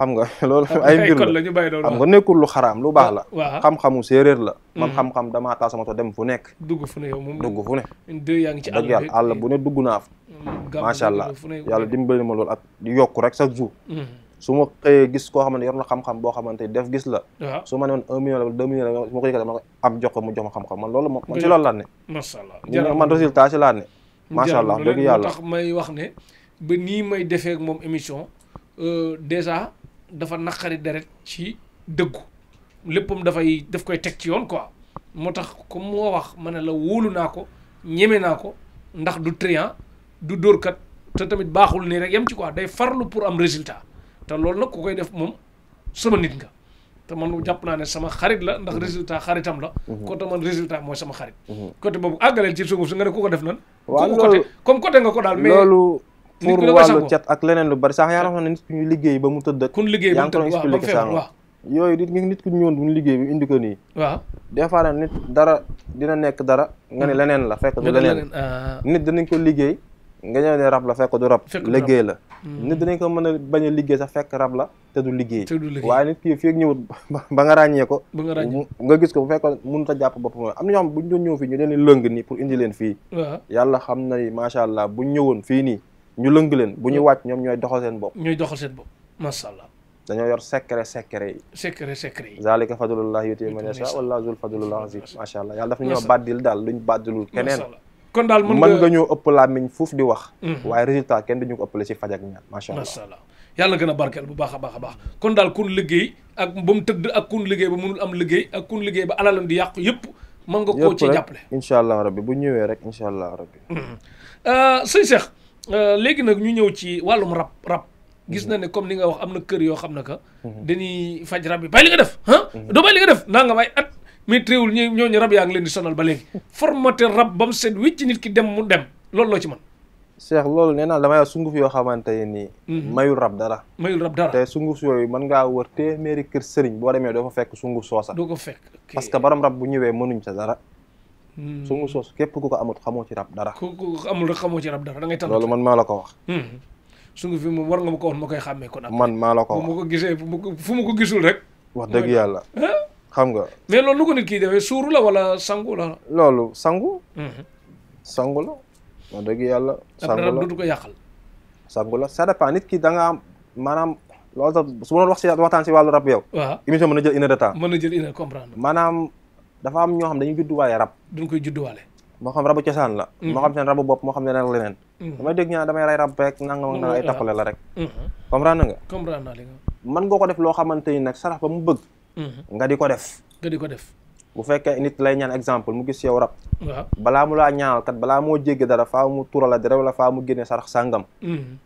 xam nga loolu ay mbir la xam nga nekkul lu xaraam lu baax la xam-xamu séeréer la man mm. xam-xam damaa taal sama to dem fu nekk dugg fu ne yow moom dugg fu ne dëgg yàlla àll bu ne dugg naa fa mm, macha allah yàlla dimbali ma loolu ak yokku rek chaque jour mm. su ma xëyee gis koo xamante yor na xam-xam boo xamante def gis la su ma ne woon un million la deux million la su ma ko yëkkati am mu jox ma xam-xam man loolu moom man ci loolu laa ne man résultat ci laa ne macha allah dëgg yàlla ba nii may defee ak moom émission euh, déjà dafa naqari deret ci dëggu léppam dafay def koy teg ci yoon quoi moo tax comme moo wax ma ne la wóolu naa ko ñeme naa ko ndax du triant du dóorkat te tamit baaxul nii rek yam ci quoi day farlu pour am résultat te loolu nag ku koy def moom sama nit nga te man jàpp naa ne sama xarit la ndax résultat xaritam la. Mhm. côté man résultat mooy sama xarit. Mhm. côté boobu àggaleel ci suuf su nga ne ku ko def nan. waaw loolu nga ko daal mais pour wàllu cat ak leneen lu bari sax yaa xam ne nit ku ñu liggéey ba mu tëdd. kun liggéey ba mu tëdd waaw ba feebar waaw ko nii. waaw nag nit dina nekk dara nga ne hmm. leneen la fekk du leneen. Ah. nit danañ ko liggéey nga ñëw ne rab la fekk du rab. liggéey la. Hmm. nit danañ ko mën a bañ a liggéey sax fekk rab la te du liggéey. waaye nit ki fii ñëwut ba nga ràññee ko. ba nga ràññee nga gis ko bu fekkoon jàpp boppam am na ñoo xam bu ñu doon ñëw fii ñu leen lëng nii pour indi leen fii. yàlla xam na ni macha allah bu ñëwoon fii nii ñu lëng leen bu ñu mm. wàcc ñoom ñooy doxal seen bopp. ñooy doxal seen bopp macha allah. dañoo yor secret secret yi. secret secret yi. zaalika fadlullah yuti man yasha wallaahu zul fadlil azim macha allah yàlla dafa ñoo bàddil daal luñ bàddilul keneen. kon daal mën nga mën nga ñoo ëpp làmmiñ fuuf di wax. Mm. waaye résultat kenn duñu ko ëppale ci faj ak ñaan macha allah macha allah. yàlla gën a barkeel bu baax a baax a baax kon daal kun liggéey ak ba mu tëdd ak kun liggéey ba mënul am liggéey ak kun liggéey ba alalam di yàqu yëpp mën nga koo ci jàppale incha allah rabbi bu ñëwee rek incha allah rabbi mm. euh, sëñ Cheikh Euh, léegi nag ñu ñëw ci wàllum rab rab gis mhm. na ne comme li nga wax am na kër yoo xam ne que mhm. dañuy faj rab yi bàyyi li nga def ah doo bàyyi li nga def nan nga may at mais téewul ñu ñooñu rab yaa ngi leen di sonal ba léegi formaté rab ba mu set wicc nit ki dem mu dem loolu loo ci mën Cheikh loolu nee naa damay sunguf yoo xamante ni mayul rab dara mayul rab dara te sunguf yooyu man ngaa wër téeméeri kër sëriñ boo demee doo fa fekk sunguf soosa doo ko fekk parce que borom rab bu ñëwee mënuñ sa dara Hmm. sungu soosu képp ku ko amut xamoo ci rab dara ku ko amul da ngay tànn loolu man maa la ko wax hmm. sungu fi moom war nga ma ko wax ma koy xàmmee kon man ko wax bu ma fu ma ko gisul rek wax dëgg yàlla xam nga mais loolu lu ko nit kii defee suuru la wala sangu la loolu sangu hmm. sangu la wax dëgg yàlla sangu la dudu ko yàqal sangu la ça dépend nit ki da nga am maanaam loolu sax su waxtaan si wàllu rab yow waaw émission mën na jël une heure de temps jël une heure maanaam dafa am ñoo xam dañuy judduwaale rab duñ koy judduwaale moo xam rabu cosaan la mm. moo xam seen rabu bopp moo xam ne nag leneen mm. mm. la rek comprendre nga comprendre naa li nga man nga ko def loo xamante ni nag sarax ba mu bëgg nga di ko def nga ko def bu fekkee nit lay ñaan exemple mu gis yow rab waaw balaa mu laa ñaanal kat balaa moo jéggi dara faa mu tural la dara wala faa mu génne sarax sàngam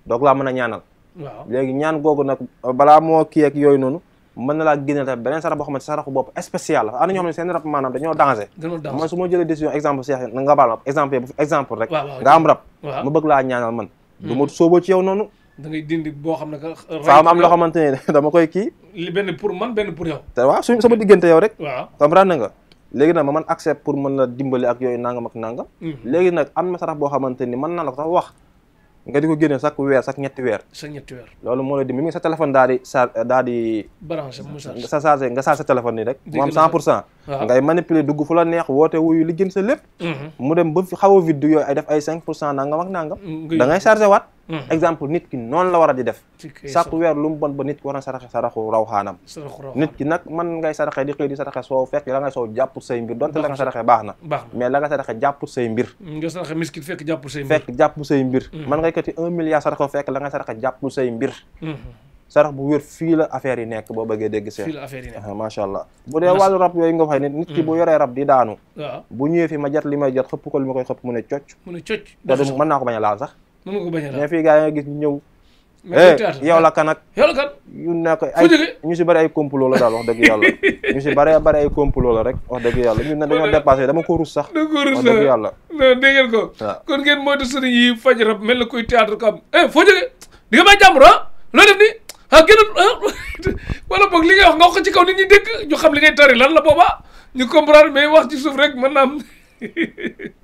doog laa mën a ñaanal waaw léegi ñaan googu nag balaa moo kii ak yooyu noonu mën na laa génneel tamit beneen sarax boo xamante saraxu bopp spécial la am na ñoo xam ne seen rab maanaam dañoo danger man su ma jëlee décision exemple Cheikh nga nga am rab hmm. boo xam ne loo xamante ne dama koy kii li benn pour man benn pour yow te waaw su sama diggante yow rek waaw na nga léegi nag ma man accept pour mën la dimbali ak yooyu nanga ak nangam hmm. léegi nag am ma sarax boo xamante ni mën naa la ko sax wax nga di ko génne chaque weer chaque ñetti weer. loolu moo la di sa téléphone daal di sa daal di. branché mu chargé sa nga chargé sa téléphone nii rek. mu am pour cent. ngay manipuler dugg fu la neex woote wuyu li gën sa lépp. Mhm. mu dem ba xaw a vidéo yooyu ay def ay 5 pour cent nangam nangam. Mm, da ngay waat. Mhm. exemple nit ki noonu la war a di def chaque weer lu mu bon ba nit ki war na saraxe saraxu raw xaanam nit ki nag man ngay saraxe di xëy di saraxe soow fekk la ngay soow jàpput mm, say mbir fekk jàpput say mbir man mm. ngay kati un milliard saraxe fekk la ngay saraxe jàpput say mbir mm-hmm. sarax bu wér fii affaire yi nekk boo bëggee dégg seen fii allah bu dee wàllu rab yooyu nga waxee nit ki bu mm. yoree rab di daanu bu ñëwee fi ma jot li may xëpp ko li koy xëpp a mën nga ko bañ a mais fii gars yi nga gis ñu ñëw. Eh, yow la kan ak. yow la kan yu nekk ay ñu si bëri ay complot la daal wax dëgg yàlla ñu si bëri ay complot la rek wax dëgg yàlla ñun nag dañoo dépassé dama ko rus sax. da ko rus wax dëgg yàlla. non dégg ngeen ko. mel na kuy théâtre ko am eh foo jógee di nga ah? def ni ah gën ah? wala boog li ngay wax nga wax ko ci kaw nit ñi dégg ñu xam li ngay tari lan la boobaa ñu comprendre mais wax ci suuf rek mën naa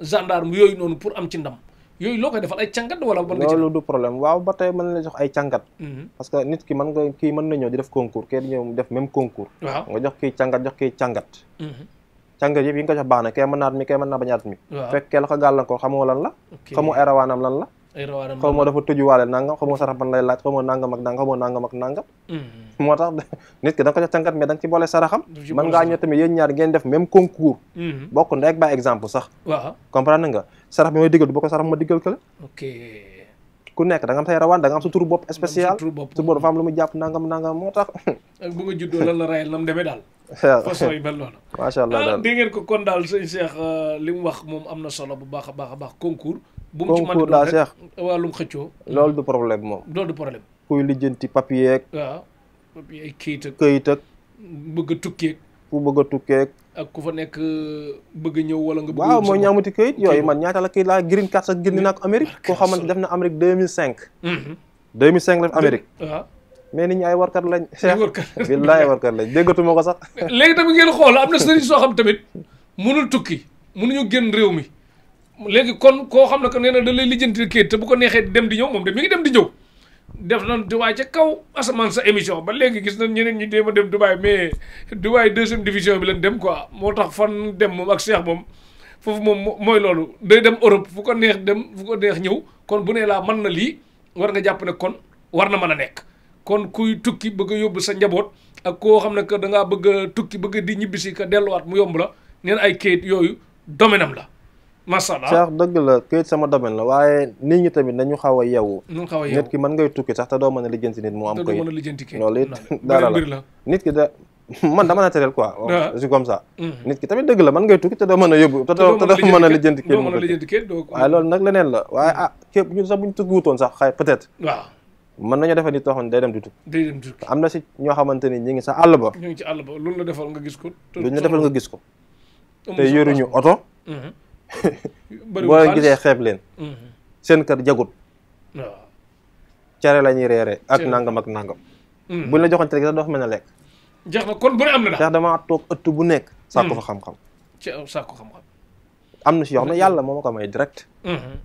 gendarme yooyu noonu pour am ci ndam yooyu loo koy defal ay càngat wala. mën nga loolu du problème waaw ba tey mën na jox ay càngat. Mhm. parce que nit ki mën nga kii mën ñëw di def concours kii ñëw def même concours. nga jox kii càngat jox mhm. yi nga jox baax na kee mën naa mi kee mën naa bañ a at mi. waaw la ko gàllankoor lan la. xamoo erawaanam lan la. xaw ma dafa tëjuwaale nangam xaw ma sarax ban lay laaj xaw ma nangam ak nangam xaw ma nangam ak nangam mm-hmm. moo tax nit ki da nga ko jox ci boole saraxam man ngaa ñëw tamit ñaar ngeen def même concours mm-hmm. bokk ndey ak ba exemple sax comprendre nga sarax bi may diggal du bokk sarax ma diggal kële ku nekk da nga am say rawaan da nga am sa turu bopp spécial turu bopp dafa am lu mu jàpp nangam nangam moo tax ak bu nga juddoo lan la rayal nam demee daal façon yi mel noonu macha allah ah, daal dégg ngeen ko kon daal sëñ Cheikh euh, li mu wax moom am na solo bu baax a baax a baax concours bu mu ci mën daal Cheikh wàllum xëccoo loolu du problème moom loolu du problème kuy lijjanti papier ak waaw papier ay këyit ak këyit ak bëgg a tukki ak ku bëgg a tukkee rek ak ku fa nekk euh, bëgg ñëw wala nga bëgg waaw mooy ñaamuti këyit yooyu man ñaata la këyit laa green card sax génn naa ko Amérique koo xamante def na Amérique deux mhm. cinq la def Amérique waaw ah. mais nit ñi ay warkat lañ Cheikh warkat billaay ko sax léegi tamit ngeen xool am na sëriñ xam tamit mënul tukki mënuñu génn réew mi léegi kon koo xam ne que nee na da lay lijjanti këyit te neexee dem di ñëw moom de mi dem di ñëw def nañ Dubaay ca kaw asamaan sa émission ba léegi gis nañ ñeneen ñi dem a dem Dubaay mais duwaay deuxième division bi lañ dem quoi moo tax fan dem moom ak Cheikh moom foofu moom mooy loolu day dem Europe fu ko neex dem fu ko neex ñëw kon bu nee laa mën na lii war nga jàpp ne kon war na mën a nekk. kon kuy tukki bëgg yóbbu sa njaboot ak koo xam ne kër da ngaa bëgg tukki bëgg di ñibbisi ko delluwaat mu yomb la neen ay kayit yooyu domenam la. macha dëgg la këyit sama domaine la waaye nit ñi tamit nañu xaw a yeewu. nit ki mën ngay tukki sax te doo mën a lijjanti nit mu am. këyit te doo mën a lijjanti këyit loolu ki ah. comme ça. Hmm. nit ki tamit dëgg la mën ngay tukki te doo mën a yóbbu. te doo mën a lijjanti këyit doo mën a lijjanti këyit doo waaye loolu nag leneen la waaye hmm. ah képp bu ñu tukki wutoon sax xay peut-être. waaw. mën defal nit too xam di tukki day dem di tukki am na ñoo xamante ni ñu ngi ci àll ba luñ la defal nga gis ko luñ gis ko te yoruñu oto hmm. boo leen gisee xeeb leen. Mhm. seen kër jagut. waaw cere la ñuy reere ak nangam ak nangam. Mhm. buñ la joxante rek sax doo fa a lekk. jeex na kon bu ne am na daal. damaa toog ëtt bu nekk. saako mhm. fa xam-xam. ci saako am na si yoo xam ne yàlla moo ma ko may direct.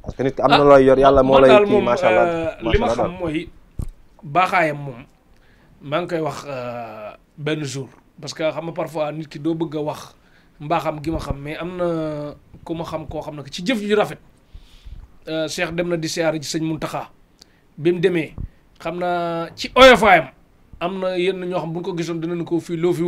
parce que nit ki am na looy yor yàlla moo ah, lay euh, ma xam mooy baaxaayam moom maa ngi koy wax euh, benn jour. parce que xam parfois nit ki doo bëgg a wax. mbaaxam gi ma xam mais am na ku ma xam koo xam ne ci jëf ju rafet euh, Cheikh dem na di siyaar ji sëñ Muntaxa bi mu demee xam naa ci oyofaayam am na yenn ñoo xam bu ñu ko gisoon dinañ ko fii loo fi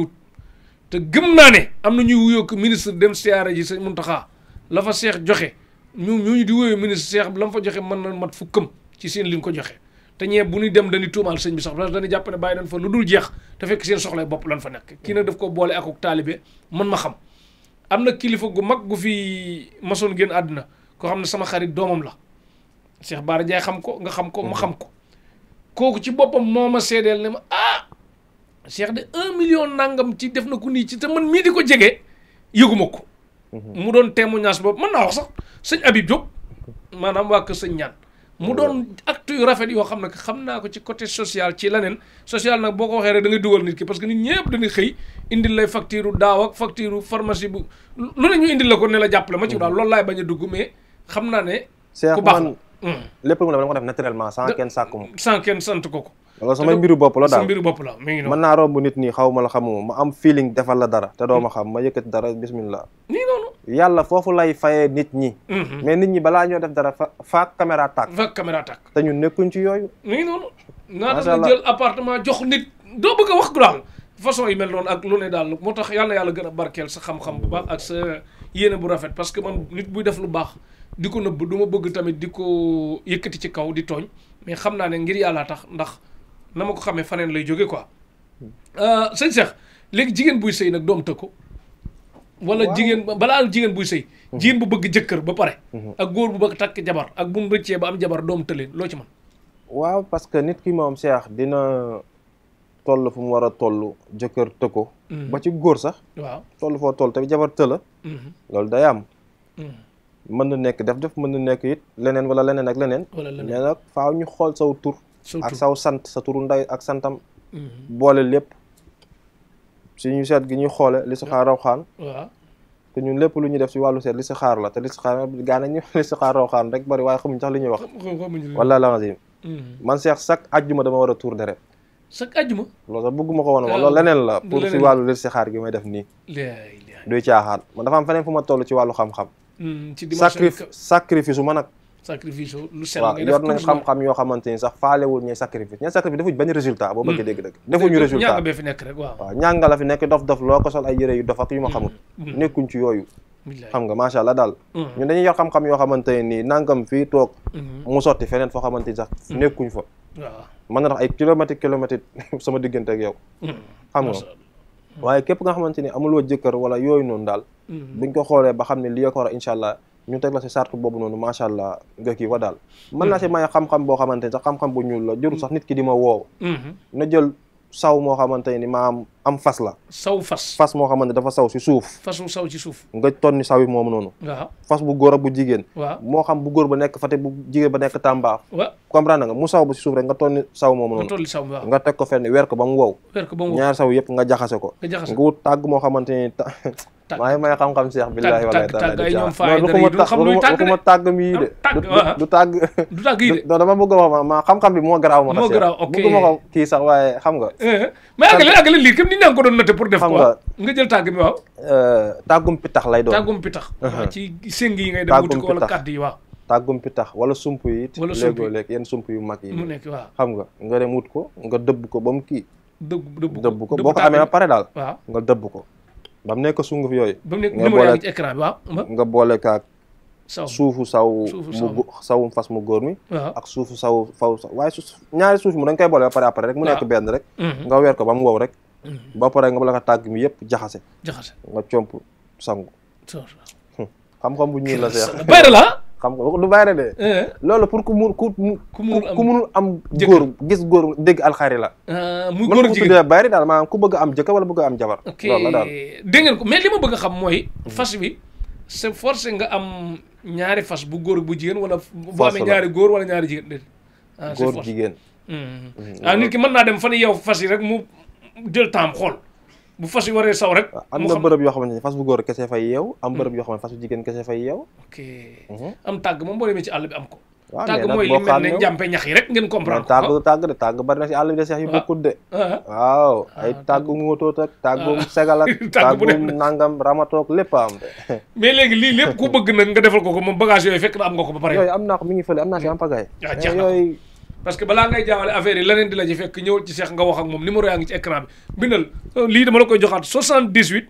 te gëm naa ne am na ñuy wuyoo ko ministre dem siyaare ji sëñ xaa la fa Cheikh joxe ñu ñu di wuyoo ministre Cheikh la mu fa joxe mën na mat fukkam ci seen li ñu ko joxe te ñee bu ñuy dem dañuy tuumaal sëñ bi sax parce que dañuy jàpp ne bàyyi nañ fa lu dul jeex te fekk seen soxlay bopp lan fa nekk kii nag daf ko boole ak taalibe mën xam am na kilifa gu mag gu fi masoon génn àdduna ko xam ne sama xarit doomam la Cheikh Bara Ndiaye xam ko nga xam ko ma mhm. xam ko kooku ci boppam moo ma seedeel ne ma ah Cheikh de un million nangam ci def na ko nii ci te man mii di ko jege yëguma ko mhm. mu doon témoignage boobu man naa wax sax sëñ Habib Diop maanaam waa kër sëñ ñaan mu doon actu yu rafet yoo xam ne xam naa ko ci côté social ci leneen social nag boo ko waxee rek da ngay dugal nit ki parce que nit ñëpp dañuy xëy indi lay facture u daaw ak pharmacie bu lu ne ñu indi la ko ne la jàppale ma ci mhm. daal loolu laay bañ a dugg mais xam naa ne ku baax mhm. lépp nga dama ko def naturellement sans kenn sàkku ma sans kenn sant ko ko wala sama mbiru bopp la daal mbiru bopp la mi ngi noonu mën naa romb nit nii xaw ma la am feeling defal la dara te doo ma ma yëkkati dara bismillah yàlla foofu lay fayee nit ñi mhm. mais nit ñi balaa ñoo def dara fa faak caméra tàkk faak caméra nekkuñ ci yooyu mi ngi noonu jox nit doo bëgg a wax daal façon mel noonu ak lu ne daal moo tax yàlla yàlla gën a barkeel sa xam-xam bu baax ak sa yéene bu rafet parce que man nit buy def lu baax di ko nëbb du ma bëgg tamit di ko yëkkati ci kaw di tooñ mais xam naa ne ngir yàllaa tax ndax na ma ko xamee faneen lay jóge quoi euh, sëñ Cheikh léegi jigéen buy sëy nag doom tëkko wala jigéen balaa jigéen buy sëy mhm. jigéen bu bëgg jëkkër ba pare mhm. ak góor bu bëgg takk jabar ak bu mu rëccee ba am jabar doom tëleen loo ci man waaw parce que nit ki moom Cheikh dina toll fu mu war a toll jëkkër tëkko mhm. ba ci góor sax waaw toll foo toll tamit jabar tëla loolu day am mën na nekk def def mën na nekk it leneen wala leneen ak leneen mais nag faaw ñu xool saw tur ak saw sant sa turu nday ak santam mhm. boole lépp suñu seet gi ñuy xoole li si xaar raw xaan te ñun lépp lu ñu def si wàllu seet li la te li si xaar gaa na raw xaan rek bari waaye xamuñ sax li ñuy wax wala lazim mhm. man seex chaque ajjuma dama war a tuur deret chaque ajjuma loolu sax bëgguma ko woon ma loolu leneen la pour si wàllu li gi may def nii duy caaxaan man dafa am feneen fu ma toll ci wàllu xam-xam mhm, sacrifice nag sacrifice lu yor nañ xam-xam yoo xamante ni sax faalewul ñay sacrifice ñay sacrifice defuñ benn résultat boo bëggee hmm. dégg-dëgg defuñu résultat ñàng bee fi nekk nekk dof dof loo ay yëre yu dof yu ma hmm. xamul hmm. nekkuñ ci yooyu xam nga macha allah daal ñun dañuy yor xam-xam yoo xamante ni nangam fii toog mu sotti feneen foo xamante ni sax nekkuñ fa waaw mën na tax ay kilomètre kilomètre sama diggante ak yow xam nga waaye képp nga xamante amuloo jëkkër wala yooyu a incha ñu teg la si charte boobu noonu macha allah nga kii ko daal hmm. mën naa si may xam-xam boo xamante ni sax xam-xam bu ñuul la jurul sax hmm. nit ki di ma woow hmm. na jël saw moo xamante ni maam am la saw fas fas moo xamante dafa saw si suuf fas saw si suuf nga tonni saw yi moom noonu waaw fas bu góor ak bu moo xam bu góor ba nekk Fatick bu jigéen ba nekk Tamba waaw comprendre nga mu saw ba si suuf rek nga tonni saw moom noonu nga teg ko fenn weer ko ba mu wow ñaari saw yëpp nga jaxase ko nga wut tàgg moo xamante ni maa ngi may xam-xam Cheikh billahi wala taala tàgg ay ñoom faay dara yi du xam luy tàgg de tàgg mi yi de du tàgg du tàgg yi de non dama bëgg wax ma xam-xam bi moo garaaw moo garaaw ok bëgguma ko kii sax waaye xam nga mais àggale àggale lii comme ni ñu ko doon noté pour def quoi nga jël tàgg mi waaw tàggum pitax lay doon tàggum pitax ci séng yi ngay dem wuti ko wala kàdd yi waaw tàggum pitax wala sump yi it léegoo léeg yenn sump yu mag yi mu nekk waaw xam nga nga dem wut ko nga dëbb ko ba mu kii dëbb ko boo ko amee ba pare daal nga dëbb ko ba nekk sunguf yooyu. ba mu nekk numéro yaa ngi ci écran nga boole kaak suufu saw mu sawu fas mu góor mi. ak suufu saw faw saw waaye su ñaari suuf mu da nga koy boole ba pare rek mu nekk benn rek. Mhm. nga weer ko ba mu wow rek. Mhm. ba pare nga boole ko tàgg mi yëpp jaxase. jaxase nga comp sangu. xam-xam bu ñuul la seex. xam nga du bayre de. Eh. loolu pour ku mun ku ku munul am. góor gis góor dégg alxaari la. Ah, muy góor ak jigéen baari daal maanaam ku bëgg am jëkkër wala bëgg am jabar. loolu la daal dégg ko mais li ma bëgg a xam mooy. Hmm. fas bi c'est force nga am ñaari fas bu góor bu jigéen wala. boo amee ñaari góor wala ñaari jigéen déet. ah góor jigéen. Hmm. Hmm. ah nit ki mën naa dem fan yow fas yi rek mu jël temps xool. bu fas yi waree saw rek. Ah, am na bërëb yoo xamante ne fas bu góor kese fay yeew. am bërëb yoo xam fas bu jigéen kese fay yeew. Mhm. am tàgg moom boo demee ci àll bi am ko. waaw mooy li mel ne njàmpe ñax yi rek ngeen comprendre ko tàgg tàgg de tàgg bari na si àll bi de seex yi bokkut ah. de ah. waaw ay tàggu ngóotóot nangam ramatoog lépp am de mais lii lépp ku bëgg nag nga defal ko ko moom bagage yooyu fekk na am nga ko ba pare yooyu am naa ko mi ngi fële am naa si hmm. am pagaay yooyu parce que bala ngay jaawale affaire yi leneen di la ci fekk ñëwal ci Cheikh nga wax ak moom numéro yaa ngi ci écran bi bindal euh, lii dama la koy joxaat 78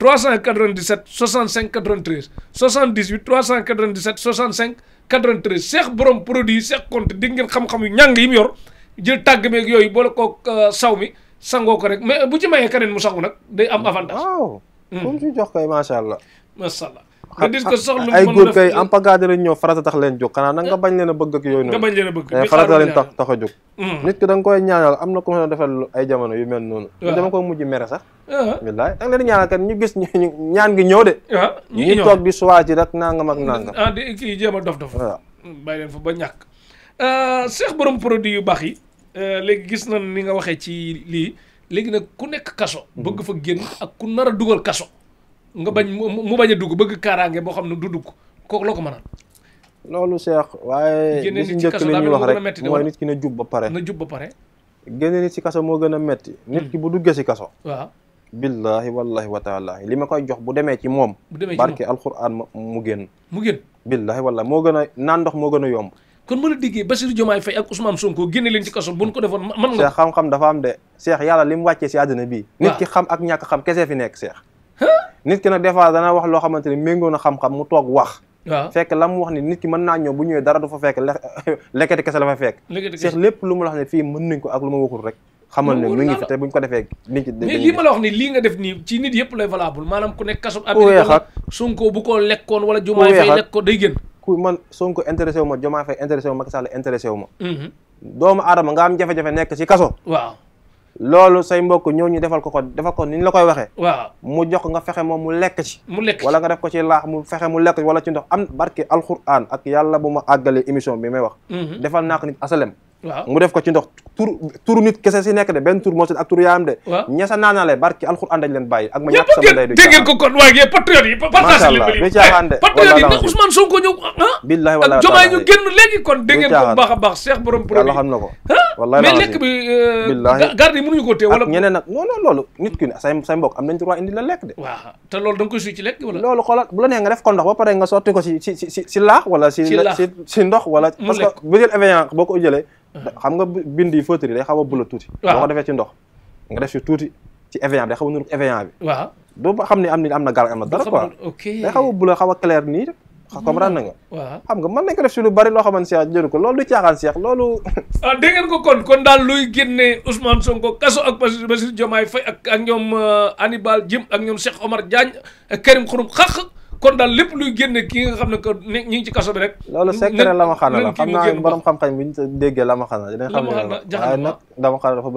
397 65 93 78 397 65 93 Cheikh borom produit Cheikh compte di ngeen xam-xam yu ñàng yi mu yor jël tàgg meeg yooyu boole ko euh, saw mi sangoo ko rek mais bu ci mayee keneen mu sangu nag day am avantage. waaw. comme ci jox koy macha allah. macha allah. te dis ko soxlu ay góor kay am pagade lañ ñëw farata tax leen jóg xanaa nag nga bañ leen a bëgg ak yooyu noonu nga bañ leen a bëgg eh, farata leen tax tax a jóg mm. nit ki da nga koy ñaanal am na ko mën a defal ay jamono yu mel noonu dama koy mujj mere sax ah. bilaay da nga ñu gis ñu ñaan gi ñëw de ah, ñu toog di suwaa ci rek nangam ak nangam ah di kii jéem a dof dof waaw mm, leen fa ba ñàkk seex ah, borom produit yu baax yi eh, léegi gis na ni nga waxee ci lii léegi nag ku nekk kaso mm-hmm. bëgg fa génn ak ku nar a dugal kaso nga bañ mu bañ a dugg bëgg kaaraange boo xam ne du dugg kook loo ko mënal loolu Cheikh waaye li si njëkk li ñuy wax rek mooy nit ki na jub ba pare na jub ba pare génne nit moo gën a metti nit hmm. ki bu duggee si kaso waaw billahi wallahi wa taalahi li ma koy jox bu demee ci moom barke alquran mu génn mu génn billahi wallahi moo gën a naan ndox moo gën a yomb kon mën a déggee Bassirou Diomaye Faye ak Ousmane Sonko génne leen ci kaso buñ ko defoon mën nga Cheikh xam-xam dafa am de Cheikh yàlla li mu wàccee si àddina bi nit ki xam ak ñàkk xam kese fi nekk Cheikh nit ki nag des dana wax loo xamante nit ki naa ñëw bu ñëwee dara du fa fekk lekkati kese la fa fekk seex lépp lu ma la wax ne fii mën nañ ko ak lu ma waxul rek xamal ne mi ngi fi nit lii ma la wax ni lii nga def nii ci nit yëpp lay valable maanaam ku nekk kasu Amérique ak Sonko bu lekkoon wala Diomaye Faye lekk ko day gën ku man Sonko ma Diomaye Faye intéressé wu mhm. doomu aadama nga jafe-jafe nekk ci kaso loolu say mbokk ñoo ñu defal ko ko defal ko ni ñu la koy waxee waaw mu jox nga fexe moom mu lekk ci mu lekk wala nga def ko ci laax mu fexe mu lekk ci wala ci ndox am barke alquran ak yàlla bu ma àggalee émission bi may wax mhm. defal naa ko nit asalem waaw mu def ko ci ndox tur turu nit kese si nekk de benn tur moo si ak turu yaayam de ñesa naanale barki alxuraan dañ leen bàyyi ak ma ñàkk sama ndey du dégg ngeen ko kon waaye yéen patriote de billahi wala jomaay ñu a baax Cheikh borom produit na ko wallahi mais bi euh, garde yi mënuñu ko tee wala ñeneen nag non non loolu nit ki ne say say mbokk am nañ droit indi lekk de waaw loolu da nga koy ci lekk wala loolu xoolal bu la neex nga def ko ndox ba pare nga sotti ko si si si si laax wala si si ndox wala parce que bu jël événement boo ko jëlee xam nga bind yi feutre yi day xaw a bula tuuti boo ko defee ci ndox nga def ci tuuti ci éveillant bi day xaw a nuru éveillant bi xam ne am ni am na gaal am na dara quoi day xaw a bula xaw a clair nii xa hmm. nga. waaw xam nga mën nañ ko def si bari loo xamante Cheikh jënd ko loolu du caaxaan Cheikh loolu. ah dégg ngeen ko kon kon daal luy génne Ousmane Sonko kaso ak Bassirou Diomaye Faye ak ak ñoom euh, Hannibal Djim ak ñoom Cheikh Omar Diagne ak Karim Xurum Xax. kon daal lépp luy génn kii nga xam ne que ñu ngi ci kaso bi rek. loolu secret la ma xana la xam naa borom xam-xam bi ñu déggee la ma xana dinañ xam ne waaye nag la ma xana dafa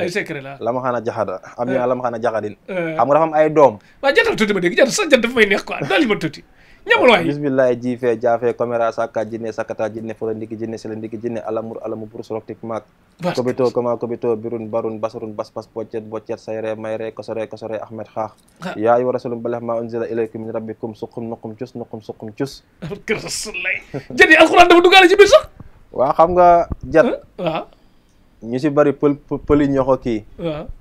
ay secret la la ma xana jaxada am ñu euh. la ma xana jaxadin euh. xam nga dafa am ay doom waaw jantal tuuti ma dégg jantal sa may neex quoi daal li ma tuuti ñamul waay bisimilah ji fee jaafee caméra saka jinne sakata jinne fora ndiki jinne sela ndiki jinne alamur alamu bourse roktik maak kobito koma kobito birun barun basarun basbas boccet boccet mayre kosore kosore ahmed xaax yaa ayyuha rasulum balligh maa unzila ilaykum min rabbikum suqum nuqum cus nuqum suqum cus kër rasul dafa duggaale ci biir sax waaw xam nga jat ñu si bëri pël pël yi ñoo ko kii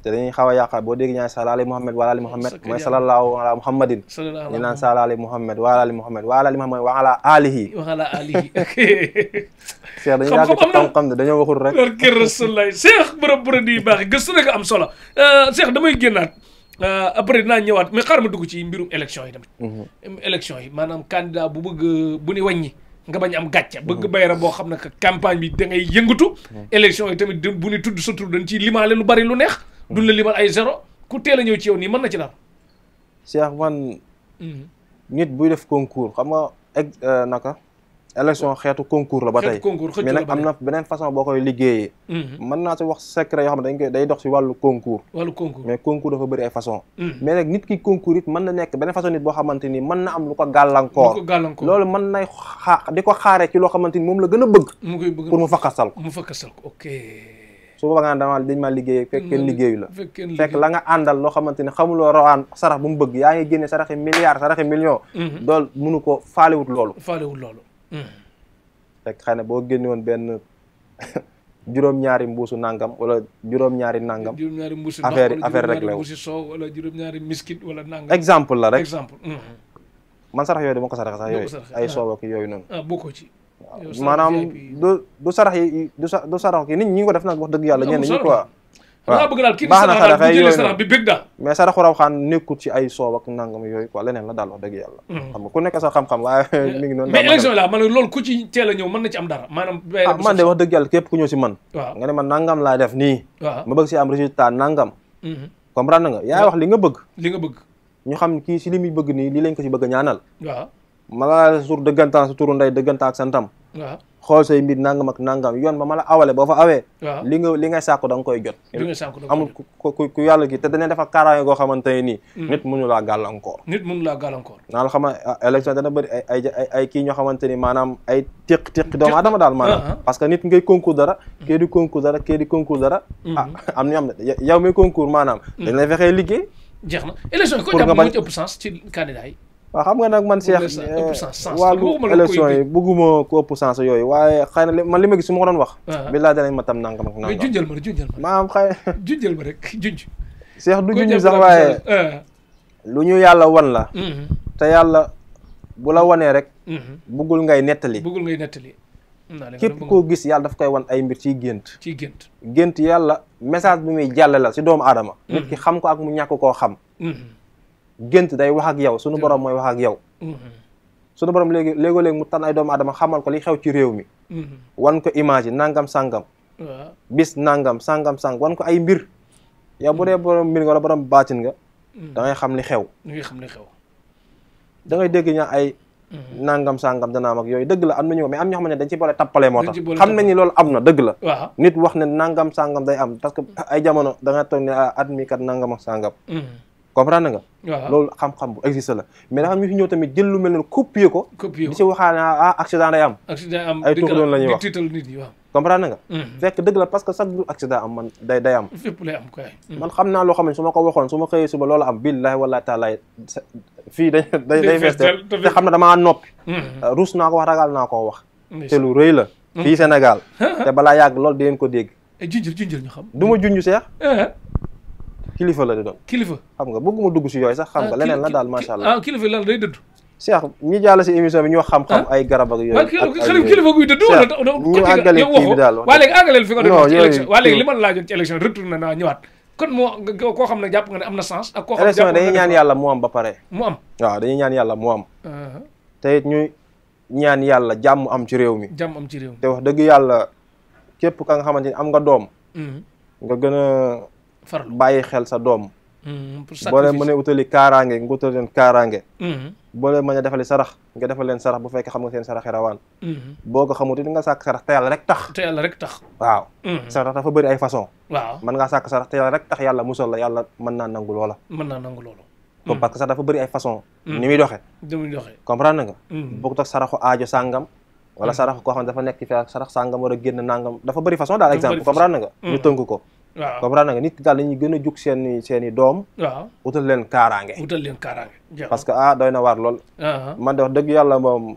te dañuy xaw a yàqal boo dégg ñaan salaali Muhammad waalaali Muhammad mooy salallaahu ala Muhammadin ñu naan salaali Muhammad waalaali Muhammad waalaali Muhammad wa ala alihi wa ala alihi Cheikh dañu yàgg ci xam-xam ne dañoo waxul rek barke Rasulullah Cheikh bërëb bërëb yi baax gëstu rek am solo euh, Cheikh damay génnaat euh, après dinaa ñëwaat mais xaar ma dugg ci mbirum élection yi tamit mhm. élection yi maanaam candidat bu bëgg bu ni wàññi nga bañ am gàcce mm. bëgg bayra boo xam ne que campagne bi da ngay yëngatu mm. élection yi tamit bu ñu tudd sa tur dañ ciy limaale lu bari lu neex mm. duñ la limal ay zéro ku teel a ñëw ci yow nii mën na ci dara Cheikh man mm-hmm. nit buy def concours xam nga euh, naka élection xeetu concours la ba tey mais nag am na beneen façon boo koy liggéeyee mm-hmm. mën naa si wax secret yoo xam ne dañ dox si wàllu concours mais concours dafa bëri ay façon mm-hmm. mais nag nit ki concours it mën na nekk beneen façon nit boo xamante ni mën na am lu ko gàllankoor loolu mën nay xaa di ko xaaree ci loo xamante moom la gën a bëgg pour mu fakkasal ko mu fakkasal ko ok su boobaa nga dama dañ maa liggéey fekk kenn mm-hmm. liggéeyu la fekk la nga àndal loo xamante ni xamuloo rawaan sarax bu mu bëgg yaa ngi génne saraxe milliard saraxe million dool fekk xëy na boo génne woon benn juróom-ñaari mbuusu nangam wala juróom-ñaari nangam. juróom-ñaari mbuusu ndox affaire affaire rek la mbuusu soow wala juróom-ñaari miskit wala nangam. exemple la rek exemple. Mm. man sarax yooyu dama ko sarax sax yooyu. ay ah. soow ak yooyu noonu. ah bokkoo maanaam du du sarax yi du sa du sarax yi nit ñi ko def nag wax dëgg yàlla ñenn ñi quoi. waaw bëgg daal kii di sarax daal bu jëlee sarax bi bëgg daal mais saraxu raw xaan nekkul la daal wax dëgg mm. xam nga ku nekk sa man loolu ku ci teel a ñëw mën na ci am dara ah, man de wax dëgg yàlla képp ku ñëw si man waaw nga ne nangam laa def nii waaw ma bëgg si am résultat nangam mm-hmm. comprendre nga yaay wax li nga bëgg li nga bëgg ñu xam kii si li muy bëgg nii lii lañ ko si bëgg ñaanal waaw mala sur dëggantaan sa turu nday dëggantaan ak santam waaw xool say mbir nangam ak nangam yoon ba ma la awale boo fa awee li nga li ngay sàkku da nga koy jot amul ku ku yàlla gi te dañuy defar kaaraange goo xamante ne nii mm. nit mënu laa gàllankoor nit mënu laa gàllankoor naa la xam ne ah, élection dana bëri ay ay ay kii ñoo xamante ni maanaam ay tiq tiq doomu adama daal maanaam uh-huh. parce que nit ngay concours dara mm. kii di concours dara kii di concours dara mm-hmm. ah am na am yow mi concours maanaam mm. dañ lay fexee liggéey jeex na élection yi ko jàpp moo ci sens ci candidat yi waaw xam nga nag man seex Cheikh eh, wàllu élection yi bëgguma ko ëpp sens yooyu waaye xëy na man li ma gis su ma ko doon wax ah. billaay danañ ma tam nangam ak nangam junjal ma junjal ma maam xëy junjal ma rek junj Cheikh du junj sax waaye ah. lu ñu yàlla wan la mm-hmm. te yàlla bu la wanee rek mm-hmm. bëggul ngay nettali bëggul ngay nettali képp koo gis yàlla daf koy wan ay mbir ciy gént ciy gént gént yàlla message bi muy jàlle la si doomu aadama nit ki mm-hmm. xam ko ak mu ñàkk koo xam gént day wax ak yow sunu borom mooy wax ak yow mhm. sunu borom léegi léegoo léegi mu tànn ay doomu aadama xamal ko li xew ci réew mi mhm. wan ko image yi nangam sangam bis nangam sangam wan ko ay mbir yow bu dee mhm. borom mbir nga wala borom baatin nga da ngay xam li xew da ngay dégg ñaa ay nangam sangam dana am ak yooyu dëgg la am na ko mais am ñoo xamante ne dañ ci boole tappalee moo tax xam nañ ni loolu am na dëgg la nit wax ne nangam sangam day am parce que ay jamono da nga toog ne ah, at mi kat nangam ak comprendre nga. loolu xam-xam bu existe la mais dafa am ñu fi ñëw tamit jël lu mel noonu copier ko. copier ko di si waxaane ah accident am. ay tuuti doon la ñuy wax di tiital nga. Mm. fekk dëgg la parce que chaque jour accident am man day day am. fépp mm. day day te xam na damaa noppi. Mm. Euh, ruus naa ko wax ragal naa koo wax. te rëy la. fii Sénégal. te balaa yàgg loolu di ko dégg. Eh, junjul junjul ñu seex kilifa la di doon kilifa xam nga bëgguma dugg si yooyu sax xam nga ah, la daal macha allah ah kilifa lan day dëdd Cheikh ñi jàll si émission bi ñu wax xam-xam ah? ay garab ak yooyu waa léegi àggaleel fi nga doon ci élection waa léegi naa ñëwaat kon moo koo xam ne jàpp nga ne am na sens ak koo xam ne élection dañuy ñaan yàlla mu am ba pare mu am waaw dañuy ñaan yàlla mu am ah. te it ñaan yàlla jàmm am ci réew mi jàmm am ci réew mi te wax dëgg yàlla képp ka nga xamante ni am nga doom mm-hmm. nga gën a farlu bàyyi xel sa doom. Mm-hmm. pour boo leen mënee utali kaaraange nga utal leen kaaraange. Mm-hmm. boo leen mënee defali sarax nga defal leen sarax bu fekkee xam nga seen saraxi rawaan. Mm-hmm. boo ko xamuti di nga sàkk sarax te yàlla rek tax. te yàlla rek tax. waaw. sarax dafa bëri ay façon waaw mën ngaa sàkk sarax te yàlla rek tax yàlla musal la yàlla mën naa nangu loola. mën naa nangu loola. comme parce que sax dafa bëri ay façon ni muy doxee. ni muy doxee comprendre sarax koo xam dafa nekk fi ak sarax sàngam war a génn dafa bëri façon daal exemple comprendre nga ñu tënk ko waaw comprendre nga nit daal dañuy gën a jug seen seen i doom waaw utal leen kaaraange utal leen kaaraange parce que ah doy na waar lool man de wax dëgg yàlla moom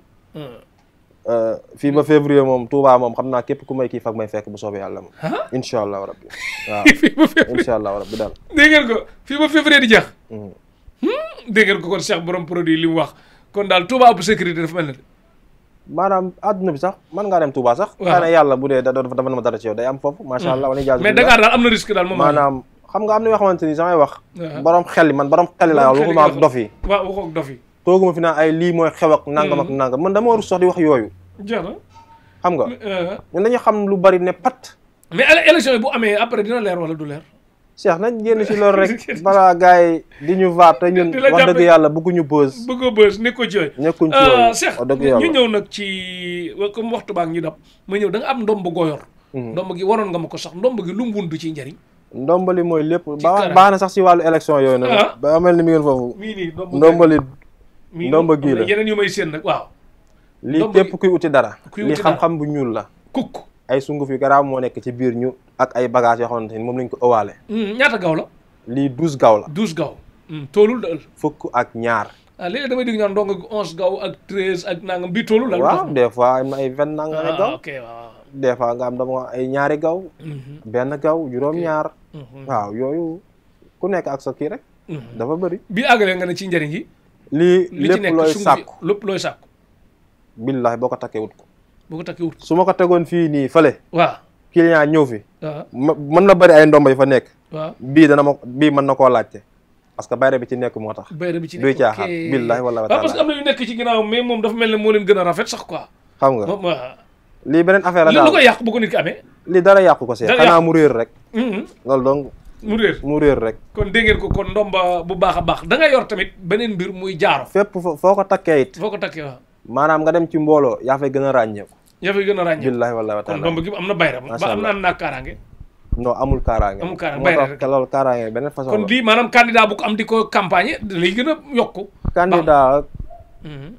euh, fii ma février moom Touba moom xam naa képp ku may kii fag may fekk bu soobee yàlla moom incha allahu rabbi waaw fii ba février allahu rabbi daal dégg ko fii ma février di jeex dégg ngeen ko kon Cheikh borom produit li mu wax kon daal Touba bu sécurité dafa mel ne maanaam àdduna bi sax man nga dem Touba sax. waaw xanaa yàlla bu dee da dafa dafa dara ci yow day am foofu. macha allah wala jaajëf mais Dakar daal am na risque daal moom maanaam xam nga am na yoo xamante ni samay wax. borom xel man borom xel laa wax waxuma ak dof yi. fi naan ay lii mooy xew ak nangam ak hmm. nangam man dama war di wax yooyu. xam nga. Euh, ñun dañu xam lu bari ne pat. mais élection yi bu amee après dina leer wala du leer. Cheikh nañ génn ci loolu rek balaa gars yi di ñu vaat te ñun wax dëgg yàlla bëgguñu bës bëgg a bës nekko ci yooyu nekkuñ ci euh, yooyu Cheikh wax dëgg yàlla ñu ñëw nag ci comme waxtu baa ngi ñu dab ma ñëw da nga am ndomb gooyor mhm. ndomb gi waroon nga ma ko sax ndomb gi lu mu wund ci njëriñ ndombali mooy lépp ba baax na sax si wàllu élection yooyu noonu ah. ba mel ni mi ngeen foofu mii nii ndombali ndomba gii la yeneen yu may seen nag waaw lii képp kuy uti dara lii xam-xam bu ñuul la kukk ay sunguf yu garaaw moo nekk ci biir ñu ak ay bagages yoo xamante ni moom lañ ko ëwaale. Hmm, ñaata gaw la. lii douze gaw la. douze gaw. Hmm, toolul daal. fukk ak ñaar. ah léegi damay dégg ñu naan ndongo onze gaw ak treize ak nangam bii toolul. daal waaw des na ay vingt nangam ah, ay gaw. ok waaw. des fois nga am dama ay ñaari gaw. Hmm. benn gaw juróom-ñaar. waaw yooyu ku nekk ak sa kii rek. dafa bëri. bi àggale nga ne ci njëriñ yi. lii lépp looy sàkku lépp looy sàkku. billahi boo ko takkee wut ko. boo ko su ma ko tegoon fii nii fële waaw client ñëw fi waaw na bari ay ndomba yu fa nekk waaw bii dana ma bii mën na koo laajte parce que bayre bi ci nekk moo tax bayre bi ci nekk duy caaxaan billahi wala wa taala parce que am na ñu nekk ci ginnaaw mais ne moo leen a rafet sax quoi xam nga moom lii beneen affaire ko yàq bu ko nit ki amee mu réer rek mm-hmm. loolu donc rek kon dégg ko kon ndomba bu baax a baax da nga yor tamit beneen mbir muy jaaro fépp foo ko takkee foo ko takkee maanaam nga dem ci mbooloo yaa fay gën a ràññeeku yaa fay gën a ràññee. billaahi wallaahi wa taala kon Bamba gi am na bayra ba am na am naa kaaraange. non amul kaaraange. amul kaaraange bayra rek loolu kaaraange beneen façon kon lii maanaam candidat bu ko am di ko campagne da lay gën a yokku. candidat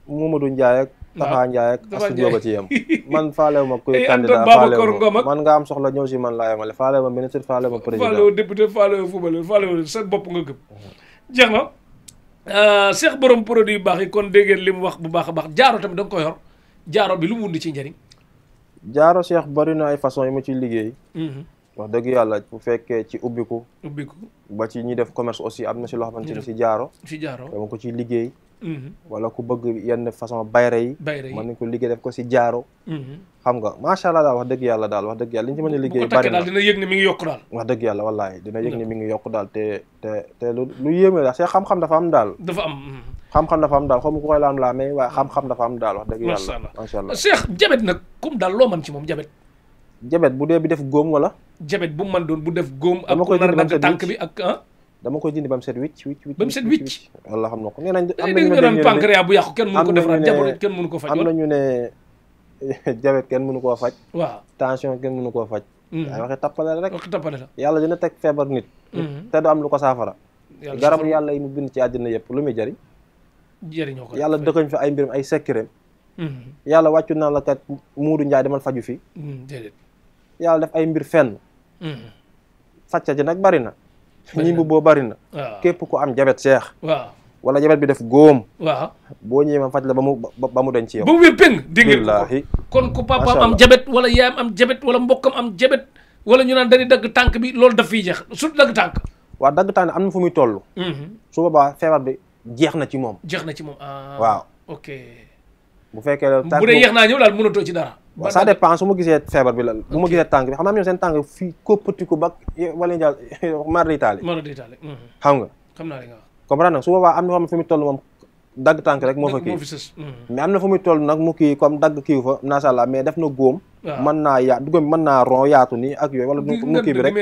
Momadou mm-hmm. Ndiaye ak. Tafa Ndiaye ak Asou Diop a ci yem. man ma kuy candidat faalewu ma man nga si man laa yemale faalewu ma ministre faalewu ma président faalewu sa bopp nga gëm. Mm-hmm. jeex na euh, Cheikh borom produit yu baax yi kon dégg li mu wax bu baax a baax jaaro tamit da nga ko yor jaaro bi lu mu wund ci njëriñ jaaro Cheikh bari na ay façon yi ma ciy liggéey. Mhm. wax dëgg yàlla bu fekkee ci ubbiku. ba ci ñi def commerce aussi am na si loo xamante ni si jaaro. si jaaro dama ko ciy liggéey. Mhm. wala ku bëgg yenn façon bayre yi. bayre yi ko liggéey def ko si jaaro. Mhm. xam nga macha allah daal wax dëgg yàlla daal wax dëgg yàlla li a liggéey. bari na bu ko takkee daal dina yëg ne mi ngi yokk daal. te te lu lu daal see xam-xam dafa am daal. xam-xam dafa am daal xaw ma ku koy laam laamee waaye hmm. xam-xam dafa am daal wax dëgg yàlla macha allah Cheikh jabet nag comme daal loo mën ci moom jabet jabet bu def góom wala jabet bu mën doon bu def góom ak ku nar dagg tànk bi ak ah dama koy jëndi ba mu set wicc wicc wicc ba mu set wicc walla xam na ko yàqu kenn mënu ko ko faj ne jabet kenn mënu koo faj waaw tension kenn mënu koo faj hmm. waaye waxi tappale la rek waxi tappale la yàlla dina teg feebar nit hmm. te du am lu ko saafara garabu yàlla yi mu bind ci àddina yëpp lu muy jëriñ jëriñoo ko yàlla dëkkañ fi ay mbiram ay secret mhm. yàlla wàccu naa la kat muudu njaay demal faju fi mhm, déedéet yàlla def ay mbir fenn mhm. sàcca ji nag bari na ñi boo bari na képp ku am jabet seex waaw wala jabet bi def góom waaw boo ñëwee ma faj la ba mu ba mu denc yow ba mu wér péng kon ku papaam am wala yaayam am jabet wala mbokkam am jabet wala ñu naan dañuy dagg tànk bi loolu daf fiy jeex su dagg tànk waaw dagg tànk am na fu muy toll su boobaa feebar bi jeex na ci moom. jeex na ci moom ah. waaw ok. bu fekkee la tànk bu dee yéex naa ñëw daal mënatoo ci dara. waaw ça su ma gisee feebar bi la bu ma gisee tànk bi xam naa ñoom seen tànk fii koppati ko ba wala njaal mar di taale. mar di taale. Mhm. xam nga. xam naa li nga wax. comprendre nga su boobaa am na xam fi mu toll moom dagg tànk rek moo fa kii mhm. mais am na fu muy toll nag mu kii comme dagg kiiw fa macha allah mais def na góom mën naa yaa dugg mën naa ron yaatu nii ak yooyu wala mu kii bi rek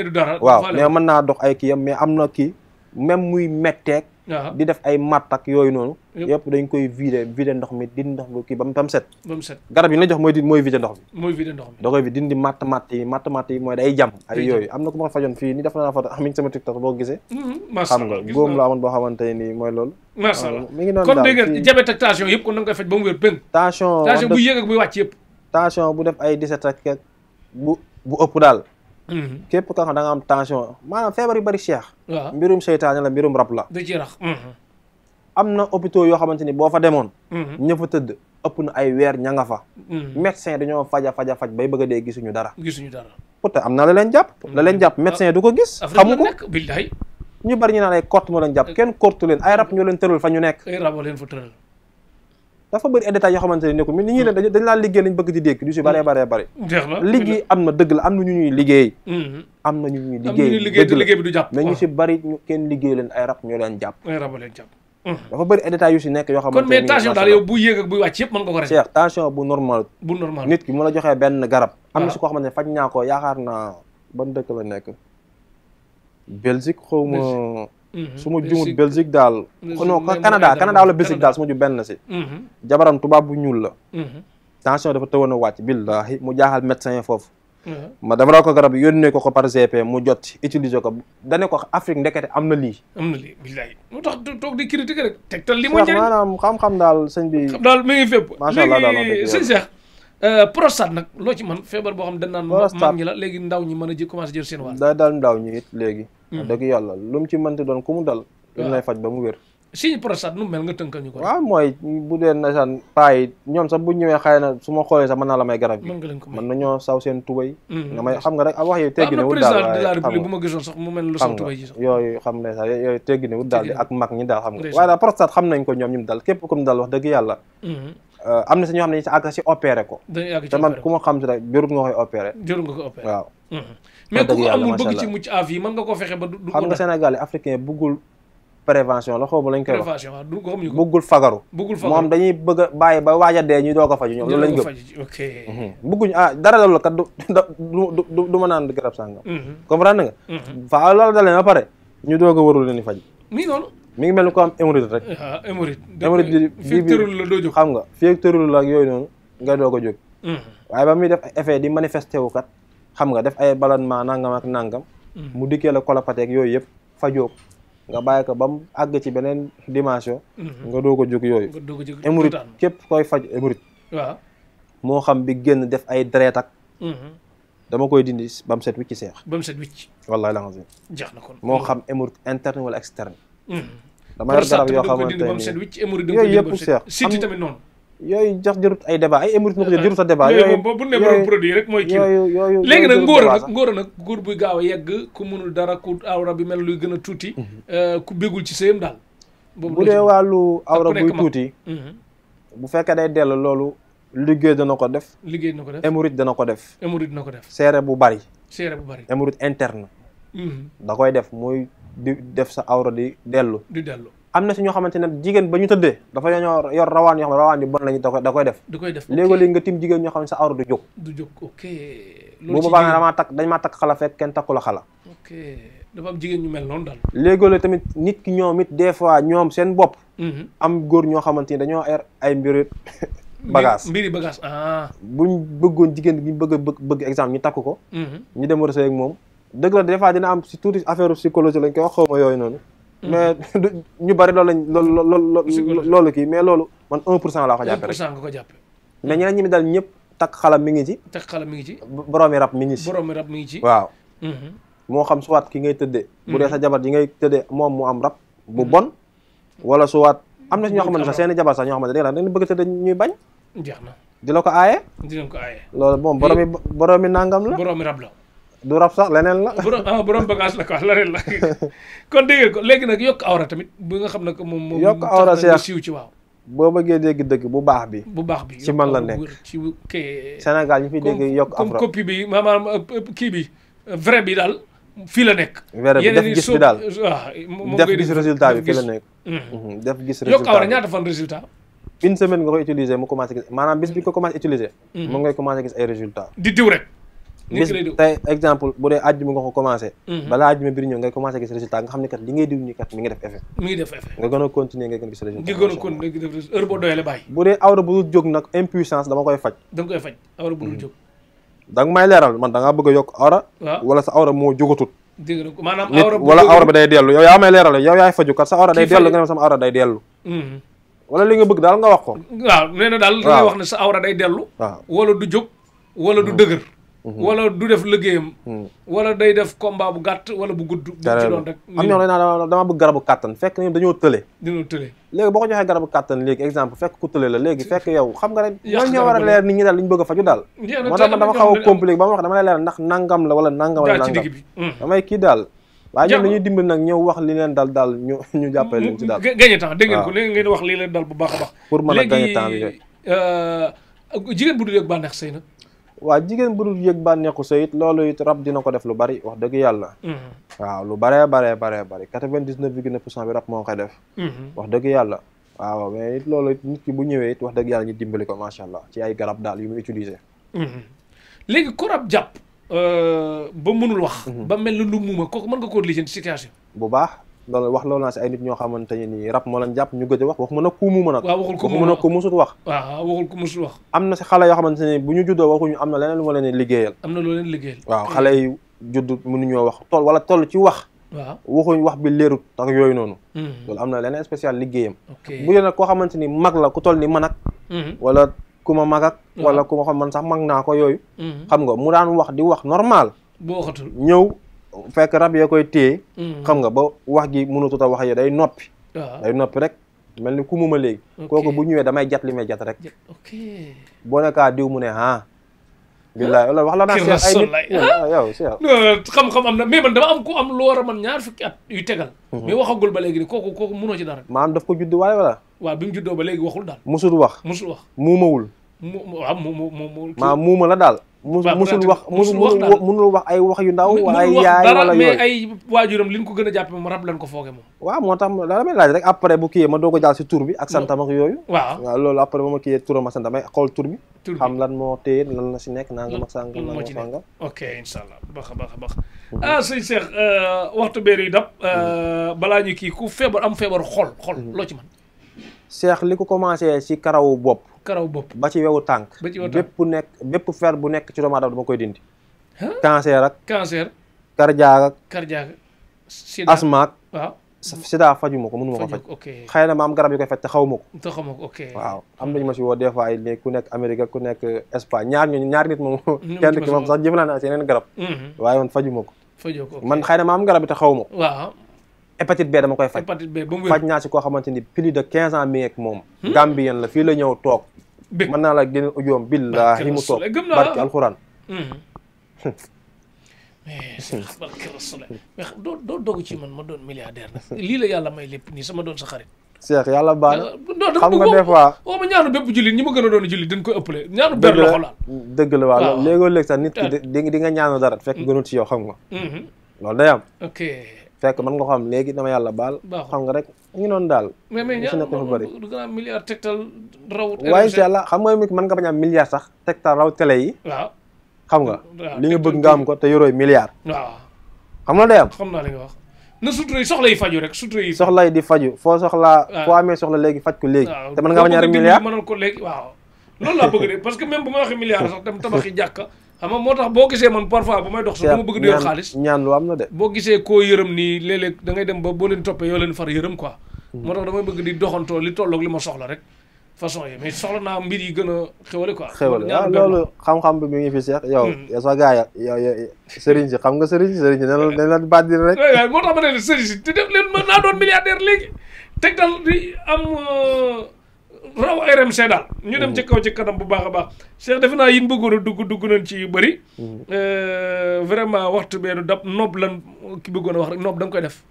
waaw mais mën naa dox ay kii yam am na kii même muy metteek Ah. di def ay matt ak yooyu noonu yëpp dañ koy vider vider ndox mi dindi ndox mi kii ba mu set ba mu set garab yi la jox mooy di mooy vider ndox mi mooy vider ndox mi da koy dindi matt matt yi matt matt yi mooy day jam ay yooyu am na ku ma fajoon fii ni def naa fa am sama TikTok boo gisee mm-hmm. xam nga góom la amoon boo xamante ni mooy loolu macha ah, allah mi ngi noonu kon dégg nga diabète ak tension yëpp kon da nga koy faj ba mu wér péng tension tension bu yéeg ak buy wàcc yëpp tension bu def ay 17 ak bu bu ëpp daal Mhm. képp koo xam da nga am tension maanaam feebar yu bëri cheikh mbirum seytaane la mbirum rab la du mhm. am na hôpitaux yoo xamante ni boo fa demoon mhm. ña fa tëdd na ay weer ña nga fa médecin dañoo faja faja faj bay bëgg a dee gisuñu dara gisuñu dara pourtant am na la leen jàpp la leen jàpp médecin du ko gis xamu ko billaay ñu bari ñu naan ay corte moo leen jàpp kenn corte leen ay rab ñoo leen tëral fa ñu nekk ay rab dafa bëri ay détails yoo xamante ne nekkul mais ni ñuy leen dañ laa liggéey na dëgg la am na ñu ñuy liggéey mm-hmm. am na ñu ñuy liggéey liggéey bi du jàpp mais ñu si bëri ñu kenn mm-hmm. yu si nekk yoo xamante ne kon mais tension daal yow bu yéeg ak buy ko rek Cheikh tension bu normal bu normal nit ki mu la joxee benn garab am na si koo xamante faj naa ko yaakaar naa ban dëkk la nekk Belgique xawma Mhm. su ma jumut Belgique daal non Canada Canada wala Belgique daal su ma ju benn si mhm. jabaram tubaab bu ñuul la mhm. tension dafa tëwoon a wàcc billaahi mu jaaxal médecin foofu ma defaral ko garab yónnee ko ko par GP mu jot utiliser ko dane Afrique ndekete am na lii am na lii billaahi mu tax toog di critiquer li mu njëriñ maanaam xam-xam daal sëñ bi daal mi ngi fépp macha allah daal euh, prostate nag loo ci man feebar boo xam ne dañ naan mag ñi la léegi ndaw ñi mën a ji commencé Mm. dëgg yàlla lu ci mënti doon ku dal. waaw mooy bu dee nasaan paa yi ñoom sax bu ñëwee xëy na su ma xoolee sax mën naa la may garab bi. mën nañoo saw seen tubay. Mm. nga may xam nga rek wax yooyu tegginewul daal waaye président de la république bu ma gisoon sax mu mel lu seen tubay ji sax yooyu xam ne sax yooyu tegginewul ak mag ñi daal xam nga waaye daal xam nañ ko ñoom ñu dal képp ku dal wax dëgg yàlla mm-hmm. euh, am na si ñoo xam ne ñu si àgg si opéré ko te man ku xam si rek jërul nga koy opéré waaw mm-hmm. mais ku ko amul bëgg ci mucc à vie mën nga ko fexe ba. du ko xam nga Sénégal africain buggul prévention la xaw ma lañ koy wax prévention waaw du ko xamuñu ko buggul fagaru. buggul fagaru moom dañuy bëgg a bàyyi ba waaj a dee ñu doog a faju ñoom loolu lañ gëm ok. Mhm. Ah, garab sàngam. Mhm. comprendre nga. Mhm. fa loolu dalee ba pare ñu doog a warul leen faj. mi mel ni ko am hémorroïde rek. ah hémorroïde. hémorroïde xam nga fii ak tërul la yooyu noonu nga doog a jóg. waaye ba muy def effet di manifesté kat xam nga def ay ballonnement nangam ak nangam. Mm-hmm. mu dikkee la kolopateeg yooyu yëpp fajoo ko nga bàyyi ko ba mu àgg ci beneen dimension. Mm-hmm. nga doog a jóg yooyu. émurit képp koy faj émurit. waaw moo xam bi génn def ay deret ak. Mm-hmm. dama koy dindi ba mu set wicc seex. ba mu set wicc. na kon moo xam émurit interne wala externe. dama yor garab yoo xamante ne yooyu yëpp seex. yooyu jax jarut ay débat ay émérite na ko sa débat yooyu bu ne borom produit rek mooy kii yooyu léegi nag ngóor nag ngóor nag góor buy gaaw a yegg ku mënul dara ku awra bi mel luy gën a tuuti mhm. euh, ku bégul ci sëyam daal bu dee wàllu awra buy tuuti mhm. bu fekkee day dellu loolu liggéey dana ko def liggéey dana ko def émérite dana ko def émérite dana ko def seere bu bari seere bu bari émérite interne mhm. da koy def muy di def sa awra di dellu di dellu am na si ñoo xamante ne jigéen ba ñu tëddee dafa ñoo yor rawaan yoo koy def léegoo léegi nga tim jigéen ñoo xam ne sa du jóg du dañ maa takk xala fekk kenn takku la xala ok dafa am jigéen ñu mel noonu daal léegoo léegi tamit nit ki ñoom it des fois ñoom seen bopp mhm. am góor ñoo xamante ni dañoo er ay mbiri bagage mbiri bagage ah buñ bëggoon jigéen buñ bëgg bëgg exemple ñu takk ko mhm. ñu dem rësey ak moom dëgg la des fois dina am si tuuti affaire psychologie lañ koy wax ma yooyu noonu mais ñu bari loolu lañ loolu loolu kii mais loolu man 1 pour cent laa ko jàppee rek ko jàppee. mais ñeneen ñi mi dal ñëpp takk xalam mi ngi ci. takk xalam mi ngi ci. boroomi rab mi ngi ci. boroomi rab mi ngi ci. waaw. Mm-hmm. moo xam soit ki ngay tëddee. bu dee sa mm-hmm. jabar yi ngay tëddee moom mu am rab. bu mm-hmm. bon wala soit. am na si ñoo xamante ne sax seen i jabar sax ñoo xamante ne dañu bëgg tëddee ñuy bañ. na di la ko aaye. di leen ko aaye. loolu moom boroomi boroomi nangam la. boroomi rab la. du rab sax leneen la. Ah, borom la quoi leneen kon dégg ko léegi nag yokk awra tamit bu nga xam ne que moom. yokk awra seex siiw ci waaw. boo bëggee dégg dëgg bu baax bi. bu baax bi ci man la nekk ci kii. Sénégal ñu fi dégg yokk afro comme copie bi maanaam euh, euh, kii bi bi daal fii la nekk. vrai bi def gis bi daal def gis résultat bi fii la nekk. def mu mu mm-hmm. ngay gis ay résultats. di diw rek. bis tey exemple bu dee àjjuma nga ko commencé mhm. balaa àjjuma biir ñëw ngay commencé gis résultat nga xam ne kat a continuer a a continuer nga awra bu dul jóg nag impuissance dama koy faj dama mhm. da may leeral man da bëgg yokk awra wala sa awra moo jógatut dégg awra bi day dellu yow yaay faju kat sa awra day dellu nga mhm. du jóg wala du dëgër Mhm. wala du def liggéeyam. Mhm. wala day def combat bu gàtt wala bu gudd. bu ci doon rek am ñoo naa dama bëgg garabu kàttan fekk ñoom dañoo tële. dañoo tële léegi boo ko joxee garabu kàttan léegi exemple fekk ku tële la léegi fekk yow xam nga rek ñoo ñoo war a leer nit ñi daal li ñu bëgg a faju daal moo tax man dama xaw a compliqué ba ma wax dama lay leer ndax nangam la wala nangam wala nangam mm. damay kii daal waaye ñun dañuy dimbali nag ñëw wax li leen dal daal ñu ñu jàppale leen ci daal gagné temps dégg ngeen ko léegi ngeen wax li leen dal bu baax a baax pour mën a gagné temps bi euh, jigéen bu dul ak bànneex sëy nag waaw jigéen bu dul yëg bànneexu sëy it loolu it rab dina ko def lu bari wax dëgg yàlla. Mm-hmm. waaw lu baree baree baree bari quatre-vingt-dix-neuf virgule neuf pour cent bi rab moo koy def. Mm-hmm. wax dëgg yàlla. waaw mais it loolu it nit ki bu ñëwee it wax dëgg yàlla ñu dimbali ko macha allah ci ay garab daal yu muy utiliser. Mm-hmm. léegi ku rab jàpp euh, ba mënul wax. ba mel ne lu muuma kooku mën nga koo lijjanti situation. bu baax. loolu wax loolu naa si ay nit ñoo xamante ne nii rab moo leen jàpp ñu gëj a wax waxuma nag ku mu mën a waxuma nag ku musut wax waaw waxul ku musut wax am na si xale yoo xamante ne bu ñu juddoo waxuñu am na leneen lu ma leen liggéeyal am na lu leen liggéeyal waaw xale yi judd mënuñoo wax toll wala toll ci wax waaw waxuñ wax bi leerut tax yooyu noonu hmm. loolu am na leneen spécial liggéeyam bu dee nag koo xamante mag la ku toll ni man ak hmm. wala ku ma mag ak wala ku ma xam man sax mag naa ko yooyu hmm. xam nga mu daan wax di wax normal boo waxatul ñëw fekk rab yoo koy téye. Mm. xam nga ba wax gi mënatut a wax ya day noppi. Ah. day noppi rek mel ni ku mu ma léegi. kooku bu ñëwee damay jat li may jat rek. ok boo nekkaa diw mu ne ah. billaay wala wax la naa seet ay nit yow seet xam-xam am na mais man dama am ku am lu a man ñaar fukki at yu tegal mhm. mais waxagul ba léegi ni kooku kooku munoo ci dara maam daf ko judd waaye wala waaw bi mu juddoo ba léegi waxul daal musul wax musul wax muumawul mu waaw mu mu mu mu. maa muuma la daal. waaw musul wax musul wax daal munul wax ay wax yu ndaw. wala ay yaay wala yooyu mais waajuram li ñu ko gën a jàppee moom rab lañ ko fooge moom. waaw moo tax ma damay laaj rek après bu kiyee ma doo ko jaal si tur bi ak santam ak yooyu. waaw loolu après bu ma kiyee ak santam ay xool tur xam lan moo téye lan la si nekk nangam ak sàngam. moo ci nekk ok incha allah baax a baax a baax. Mhm. ah sëñ Cheikh euh, waxtu beer yi dab euh, mhm. balaa ñu kii ku feebar am feebar xol xol mhm. loo ci man seex li ko commencé ci karawu bopp. karawu bopp ba ci wewu tànk. bépp nekk bépp fer bu nekk ci doomu aadama dama koy dindi. cancer ak. cancer. cardiaque ak. cardiaque. sida asma ak. fajuma ko mënuma ko faj. ok xëy na ma am garab yi koy faj te xaw ma ko. te xaw ma ko ok. waaw am nañu ma si woo des ku nekk Amérique ku nekk Espagne ñaar ñooñu ñaar nit moom. kenn ki moom sax jëfandikoo naa garab. Mm-hmm. waaye man fajuma ko. man xëy na ma garab yi te xaw ma hépatite B dama koy faj. hépatite B ba mu faj naa si koo xamante ni plus de 15 ans mi ak moom. Hmm? Gambien la fii la ñëw toog. bi la génn toog eh, barke alxuraan. Hmm. Eh, doo doo ci man ma doon milliardaire nag lii la yàlla may lépp nii sama doon sa xarit. Cheikh yàlla baal xam nga des fois waaw ma ñaanu bépp jullit ñi ma gën a doon jullit dañ koy ëppale ñaanu benn loxo laal dëgg la waaw léegoo léeg sax nit ki eh. di nga ñaanu dara fekk hmm. gënul ci yow xam nga loolu day fekk mën nga ko am léegi dama yàlla baal. xam nga rek ñu noonu daal. mais mais ñaar du gën a am milliard tegtal raw. waaye incha allah sax tegtal raw télé yi. xam nga. li nga bëgg nga am ko te yorooy milliard. waaw xam nga day am. xam naa li nga wax na sutura yi soxla yi faju rek sutura yi. soxla yi di faju foo soxlaa. foo amee soxla léegi faj ko léegi. te mën nga bañ a am milliard ko léegi waaw. loolu laa bëgg de parce que même bu ma waxee milliard sax dem tabaxi jàkka xam moo tax boo gisee man parfois bu may dox su dama bëgg di yor xaalis ñaan lu am na de boo gisee koo yërëm nii léeg-léeg da ngay dem ba boo leen toppee yoo leen far yërëm quoi hmm. moo tax damay bëgg di doxantoo li tolloog li ma soxla rek façon yi mais soxla naa mbir yi gën a xéwale ko xéwale waaw ah, loolu xam-xam bi mi ngi fi seex yow hmm. yow sa gaay yow yow sëriñ si xam nga sëriñ si sëriñ si nen dañ la bàddi di def tegtal di am euh, raw RMC daal. ñu dem mm. ci kaw ci bu baax a baax. Cheikh defe naa yin bëggoon a dugg dugg nañ ci yu bëri. Mm. Euh, vraiment waxtu bee du dab la lan ki bëggoon a wax rek noob danga koy def.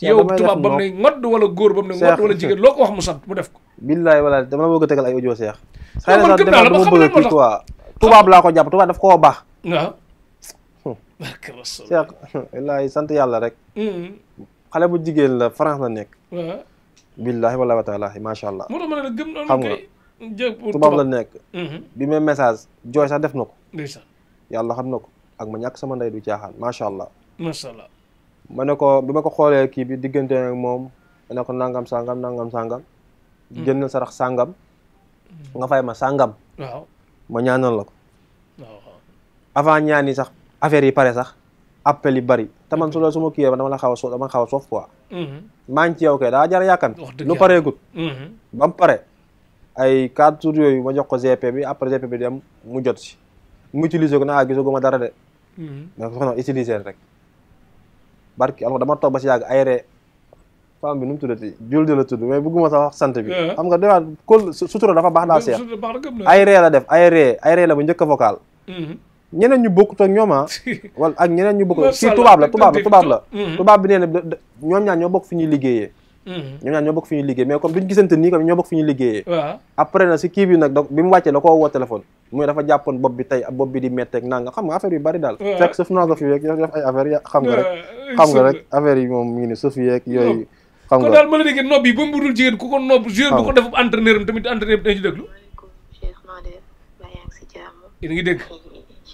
yow tubaab ba mu ne ngodd wala góor ba mu ne ngodd wala loo wax mu sant mu def ko. billaay walaay dama la bëgg a tegal ay audio Cheikh. xëy na sax dama bëgg tubaab laa ko jàpp tubaab daf koo baax. waaw. Hmm. Cheikh wallaay sant yàlla rek. Mm. xale bu jigéen la France la nekk. billaahi wallaahi wa taalaahi macha allah. ma ne la gëm na xam nga mhm. sax def na ko. yàlla xam na ko ak ma ñàkk sama nday du caaxaan macha allah. ma ne ko bi ma ko xoolee kii bi diggante ak moom ne ko nangam sangam nangam sangam. Mhm. jënd na sarax sangam. nga fay ma sangam. waaw ma ñaanal la ko. waaw sax affaire yi pare sax appel yi bari. te man su la su ma kiiwee dama la xaw a so dama xaw a soof mhm. quoi. maa ngi ci yow kay daa jar yàkkan. lu paree gut. ba mu pare ay quatre jours yooyu ma jox ko GP bi après GP mu jot mu utiliser ko na ah, gisaguma ma dara de. mais mhm. soxna utiliser rek. barki alors dama toog ba si yàgg aéré femme bi nu mu tuddati jul di la tudd mais bëgguma sax wax sant bi. Eh. xam nga day waat def aéré la bu njëkk a ñeneen ñu bokkut ak ñoom ah. ak ñeneen ñu bokkut si tubaab la tubaab la tubaab bi nee na ñoom ñaar ñoo bokk fi ñuy liggéeye mm-hmm. ñoom ñaar ñoo bokk fi ñuy liggéey mais comme duñ gisante nii comme ñoo bokk fi ñuy liggéeyee. waaw après na si kii bi nag da bi mu wàccee da koo woo téléphone. muy dafa jàppoon bopp bi tey bopp bi di métteeg naa nga xam nga affaire yu bari daal. fekk suuf naa ko fi yeeg def ay affaire ya xam nga rek. xam nga rek affaire yi moom mu ngi ne suuf yeeg yooyu. xam nga kon daal yi ba mu budul jigéen ku ko nopp joueur bu ko def entraîneur am tamit entraîneur bi dañu ci déglu. yéen a ngi dégg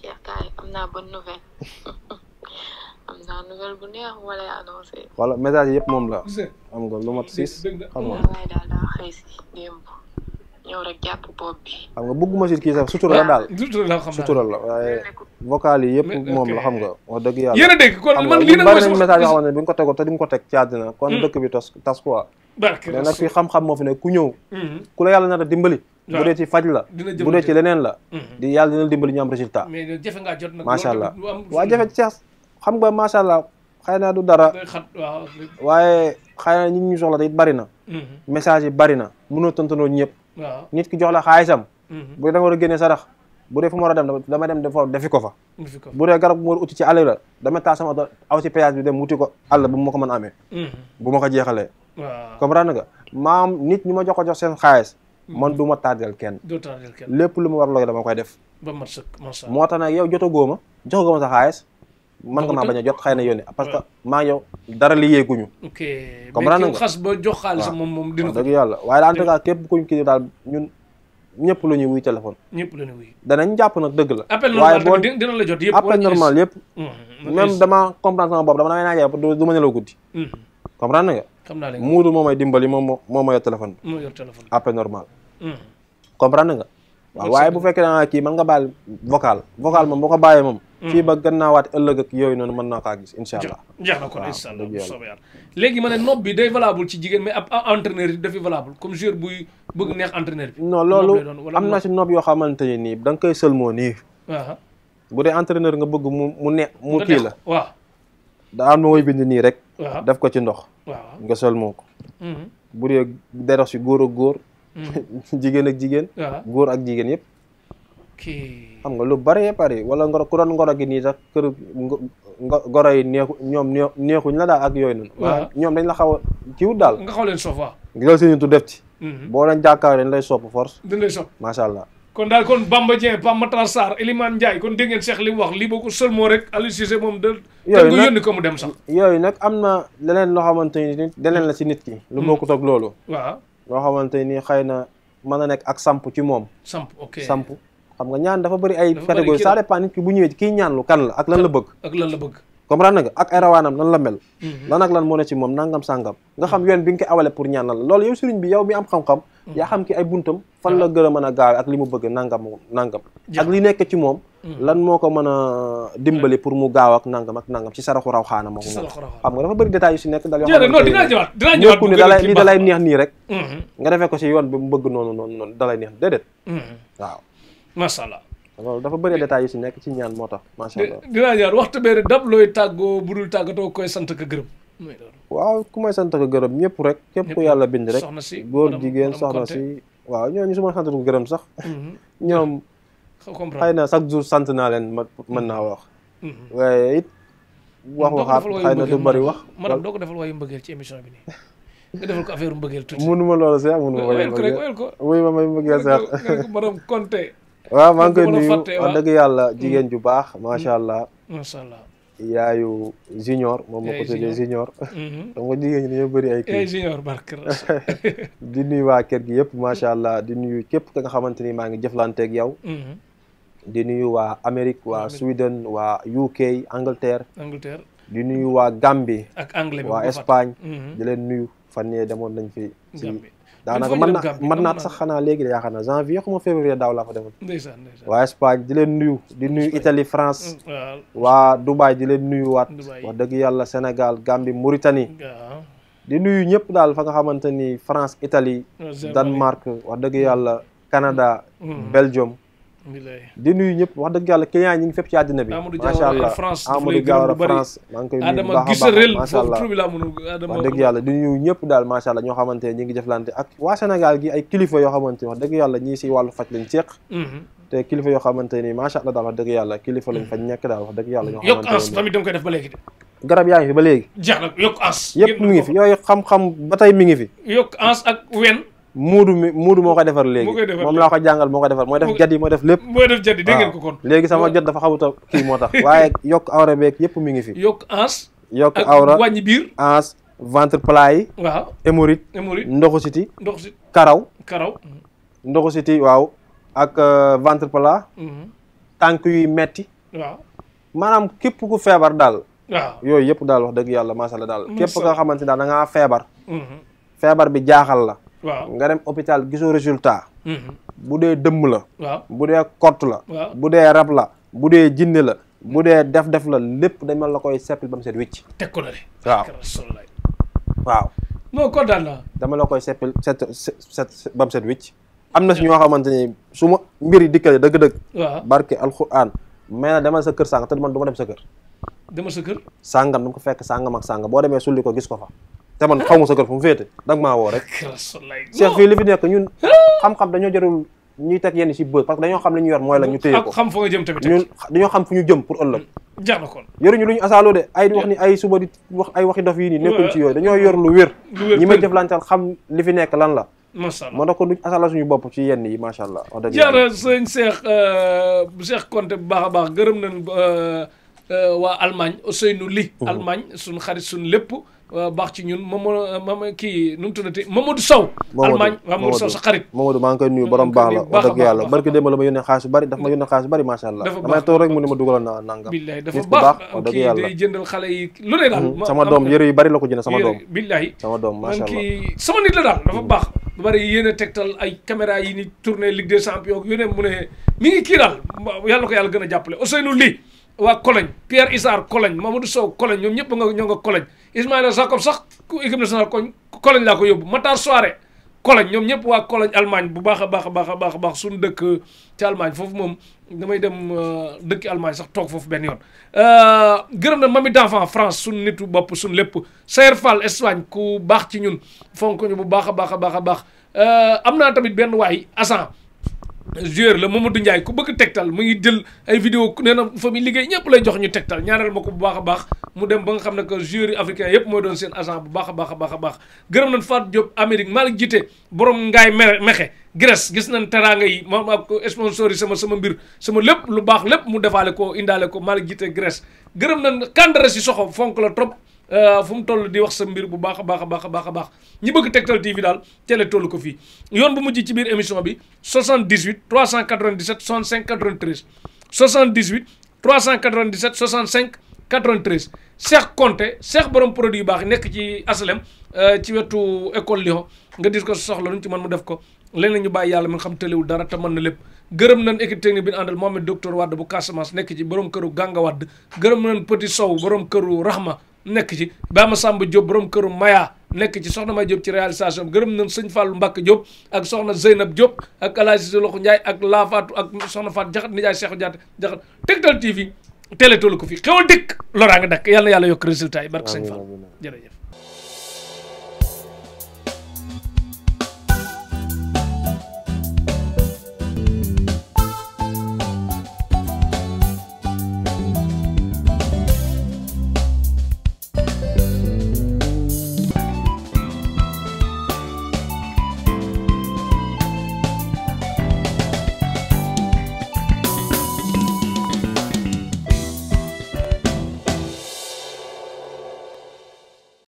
Cheikh Taye am naa bonne nouvelle wala message yëpp moom la. am nga lu mat six. xam nga xam nga bëgguma si kii sax sutura la daal. sutura la waaye vocal yi moom la xam nga. wax dëgg yàlla yéen a dégg kon man lii nag message yoo bi nga ko te di nga ko teg ci àddina kon hmm. dëkk bi tas tas quoi. mais nag xam-xam moo fi ne ku ñëw. Hmm. ku la yàlla nar dimbali. bu dee ci faj la bu dee ci leneen la mhm. di yàlla dina dimbali ñu am résultat macha allah waaw jafe ci xam nga macha allah xëy na du dara waaye xëy na nit ñu mhm. yi na jox mhm. bu dee da nga a génnee sarax bu dee fu a dem dama dem bu dee garab bu ma war a uti ci àll la dama taal sama oto aw ci péage bi dem wuti ko àll bu ma ko mën amee bu ma ko jeexalee ma jox ko jox seen xaalis man du ma tardel kenn. du tardel kenn lépp lu ma war looy dama koy def. ba mat sëkk macha allah moo tax nag yow jotagoo ma joxagoo ma sa xaalis. man nga naa bañ a jot xëy na yónni parce que maa yow dara li yéeguñu ñu comprendre nga xas ba jox xaalis moom moom dina ko dëgg yàlla waaye daal en tout cas képp kuñ kii daal ñun ñëpp la ñuy ñëpp la ñuy wuy danañ jàpp nag dëgg la appel normal waaye boo dina la jot yëpp appel normal yëpp mm, même dama comprendre sama bopp dama damay du ma nelaw guddi mm. comprendre nga xam naa léegi muudu moo may dimbali moom moo moo yor téléphone bi. moo yor téléphone après normal. Hmm. comprendre nga. waaye bu fekkee da ah, kii mën nga baal vocal vocal moom boo ko bàyyee moom. Hmm. fii ba gannaawaat ëllëg ak yooyu noonu man naa kaa gis incha allah. na kon incha allah soobee yàlla léegi ma ne nopp bi day valable ci jigéen mais ab entraîneur yi dafi valable comme joueur buy bëgg neex entraîneur bi. non loolu am na si nopp yoo xamante ne nii da nga koy bu dee entraîneur nga bëgg mu mu ne mu kii la. waaw daa am na woy nii rek. waaw def ko ci ndox. waaw nga sol moo ko. Mm-hmm. bu dee si góor ak góor. Mm-hmm. jigéen ak jigéen. góor ak jigéen yëpp. xam nga lu bëree bëri wala ngoro ku doon ngoro gi nii sax kër ngoro yi neexu ñoom neexuñ la daal ak yooyu noonu. waaw ñoom dañ la xaw a kiiwut daal. nga xaw leen soof waaw. nga jël seen def ci. Mm-hmm. boo leen jàkkaarloo dañ lay sopp force. dañ lay sopp macha allah. kon daal kon Bamba Dieng Pape Matar Sarr Elimane Ndiaye kon dégg ngeen li mu wax lii boo ko sëlmoo rek Aliou Cissé moom da yooyu nag mu dem sax yooyu nag am na leneen loo xamante ni nit leneen la si nit ki lu hmm. bokkut ak loolu waaw loo xamante nii xëy na mën a nekk ak samp ci moom samp ok samp xam nga ñaan dafa bëri ay catégorie ça dépend nit ki bu ñëwee kii ñaan lu kan la ak lan la bëgg ak lan la bëgg comprendre nga ak ay rawaanam nan la mel mhm. lan ak lan moo ne ci moom nangam sàngam nga xam yoon bi nga koy awale pour ñaanal la loolu yow sëriñ bi yow mi am xam-xam mhm. yaa xam ki ay buntam fan ah. la gën a mën a gaawe ak li mu bëgg nangam nangam ak li nekk ci moom mhm. lan moo ko mën a dimbali pour mu gaaw ak nangam ak nangam ci saraxu raw xaana moom xam nga dafa bëri détails yu si nekk dal yoo xam ne dinaa ñëwaat dinaa ñëwaat ni dalay li dalay neex nii rek nga defee ko si yoon bi mu bëgg noonu noonu noonu dalay neex déedéet waaw macha allah loolu dafa bëri détails yu si nekk ci ñaan moo tax macha allah dinaa ñaan waxtu beere dab looy tàggoo budul tàggatoo koy sant ko gërëm waaw ku may sant ko gërëm ñëpp rek képp yàlla bind rek soxna si góor jigéen soxna si waaw ñooñu su ma sant ko gërëm sax mhm. ñoom xëy na chaque jour sant naa leen ma mën naa wax mhm. Mhm. waaye it wax waxaat xëy na du bëri wax maanaam doo ko defal waayu mbëggeel ci émission bi nii nga defal ko affaire mbëggeel tuuti mënuma loolu sax mënuma ko rek wéyal sax madame Konté waaw maa ngi nuyu wax dëgg yàlla jigéen ju baax mm-hmm. macha allah. macha allah yaayu junior moom ma ko tuddee junior. donc mm-hmm. jigéen ñi di nuyu waa kër gi yëpp macha allah di nuyu képp ka nga xamante ni maa ngi jëflanteeg yow. Mm-hmm. di nuyu waa Amérique waa Sweden waa UK Angleterre. Angleterre di nuyu waa Gambie. ak Anglais waa Espagne. di nuyu fan yee demoon nañ fi. daanaka mën na mën naat sax xanaa léegi de yaakaar naa janvier xuma février daaw laa fa demoon waa Espagne di leen nuyu nuyu Italie France mm, waa Dubaï di leen nuyu waat wax dëgg yàlla Sénégal Gambie Mauritanie di nuyu ñëpp daal fa nga xamante ni France Italie Danemark wa dëgg yàlla Canada mm. Belgium di nuyu ñëpp wax dëgg yàlla client ñi ngi fépp ci àddina bi. macha allah Amadou Diawara France maa ngi koy nuyu bu baax a baax macha allah wax dëgg allah ñoo xamante ñi ngi jëflante ak waa Sénégal gi ay kilifa yoo xamante wax dëgg yàlla ñii si wàllu faj lañ mhm. te kilifa yoo xamante ni allah daal wax dëgg yàlla kilifa lañ fa mhm. nekk daal wax dëgg yàlla ñoo xamante garab yaa fi ba léegi jeex na yokk mi ngi fi yooyu xam-xam ba mi ngi muudu mi muudu moo koy defar léegi moom laa ko jàngal moo koy defar mooy def jaddi mooy def lépp mooy def jaddi dégg ngeen ko kon jot dafa xamuta kii moo tax waaye yokk awra beeg yëpp mi ngi fi yokk ans yokk awra wàññi biir ans ventre plat yi waaw siti ndoxu siti karaw karaw ndoxu siti waaw ak euh, ventre plat mm-hmm. tànk yuy metti waaw maanaam képp ku feebar daal yooyu yëpp daal wax dëgg yàlla macha allah daal képp nga xamante daal da feebar mm-hmm. feebar bi jaaxal la waaw nga dem hôpital gisoo résultat. Mhm. bu dee dëmm la. bu dee kott la. bu dee rab la bu dee jinne la. bu dee def-def la lépp dañ la koy seppil ba mu set wicc. teg ko la de. waaw dama la koy seppil set set ba mu wicc. am na si ñoo xamante ni su ma mbir yi dikkale dëgg-dëgg. waaw barke alxuraan mais nag demal sa kër sàng te man du ma dem sa kër. demal sa kër. sàngam du fekk sàngam ak sàngam boo demee sulli ko gis ko fa. te man xaw ma sa kër fu mu féete danga maa woo rek Cheikh li fi nekk ñun xam-xam dañoo jarul ñu teg yenn si bët parce que dañoo xam li ñu yor mooy la ñu téye ko xam fa nga jëm tamit xam fu ñu jëm pour ëllëg mm. jar na kon ñu asaaloo de ay wax ni suba di wax ay waxi dof yi nii nekkuñ ci yooyu dañoo yor lu wér ñi may jëflantal xam li fi nekk lan la macha allah moo tax kon duñ asala suñu bopp ci yenn yi macha allah. wax dëgg yàlla jërëjëf sëñ Cheikh euh, Cheikh Konte bu baax a baax gërëm nañ euh, euh, waa Allemagne Ousseynou Li. Mhm. Allemagne suñu xarit suñ lépp. Euh, baax ci ñun Mamadou euh, kii nu mu tuddati Mamadou Sow. Allemagne waaw Mamadou Sow sa xarit. Mamadou maa ngi koy nuyu borom baax la wax dëgg yàlla barki la ma yónnee xaalis bu bari daf ma yónnee xaalis bu bari macha dafa baax dafa baax yàlla day jëndal xale mm-hmm. sama doom yëre yu bari la ko jënd sama sama doom macha allah kii sama nit la daal dafa mm-hmm. baax. bu bari yéen a tegtal ay caméra yi ni tourné Ligue des Champions yu ne mu ne mi ngi kii daal yàlla ko yàlla gën a jàppale Ousseynou lii waa Cologne Pierre Issar Cologne Mamadou Sow Cologne ñoom ñëpp nga ñoo nga Cologne Ismaïla Jacob sax équipe nationale Cologne laa ko yóbbu Matar Soare Cologne ñoom ñëpp waa Cologne Allemagne bu baax a baax a baax a baax suñu dëkk ci Allemagne foofu moom damay dem euh, dëkki Allemagne sax toog foofu benn yoon euh, gërëm na ma mami d'enfant France suñu nitu bopp suñu lépp Sayer Fall Espagne ku baax ci ñun fonk ñu bu baax a baax a baax a baax euh, am naa tamit benn waay Assane joueur la Mamadou Ndiaye ku bëgg tegtal mu ngi jël ay vidéo nee na fa muy liggéey ñëpp lay jox ñu tegtal ñaareel ma ko bu baax a baax mu dem ba nga xam ne que joueurs yi africain yëpp mooy doon seen agent bu baax a baax a baax a baax gërëm nañ Fatou Diop Amérique Malick borom ngay me mexe Grèce gis nañ teraanga yi moom ak sponsor yi sama sama mbir sama lépp lu baax lépp mu defaale ko indaale ko Malick Jité Grèce gërëm nañ si Cissokho fonk la trop Euh, fu mu toll di wax sa mbir bu baax a baax a baax a baax a baax ñi bëgg Tektal TV daal télé toll ko fii yoon bu mujj ci biir émission bi 78 397 65 93 78 397 65 93 Cheikh borom produit yu baax yi nekk ci aslem euh, ci wetu école Lyon nga dis ko soxla lu ñu ci mën mu def ko leneen ñu bàyyi yàlla mi nga xam tëlewul dara te mën na lépp gërëm nañ équipe technique bi ñu àndal Mohamed docteur Wade bu Casamance nekk ci borom këru Ganga Wade gërëm nañ Petit Sow borom këru Rahma nekk ci ma samba Diop borom këru Maya nekk ci soxna May Diop ci réalisation gërëm nañ sëñ Fallou Mbacke Diop ak soxna Zeynab Diop ak El Hadj Loxo Ndiaye ak Laafaatu ak soxna Faat Jaxat Ndiaye Cheikh Jaxat Jaxat Tektal TV télé tollu ko fi xewal dëkk loraa nga dakk yàlla na yokk résultat yi barke sëñ Fallou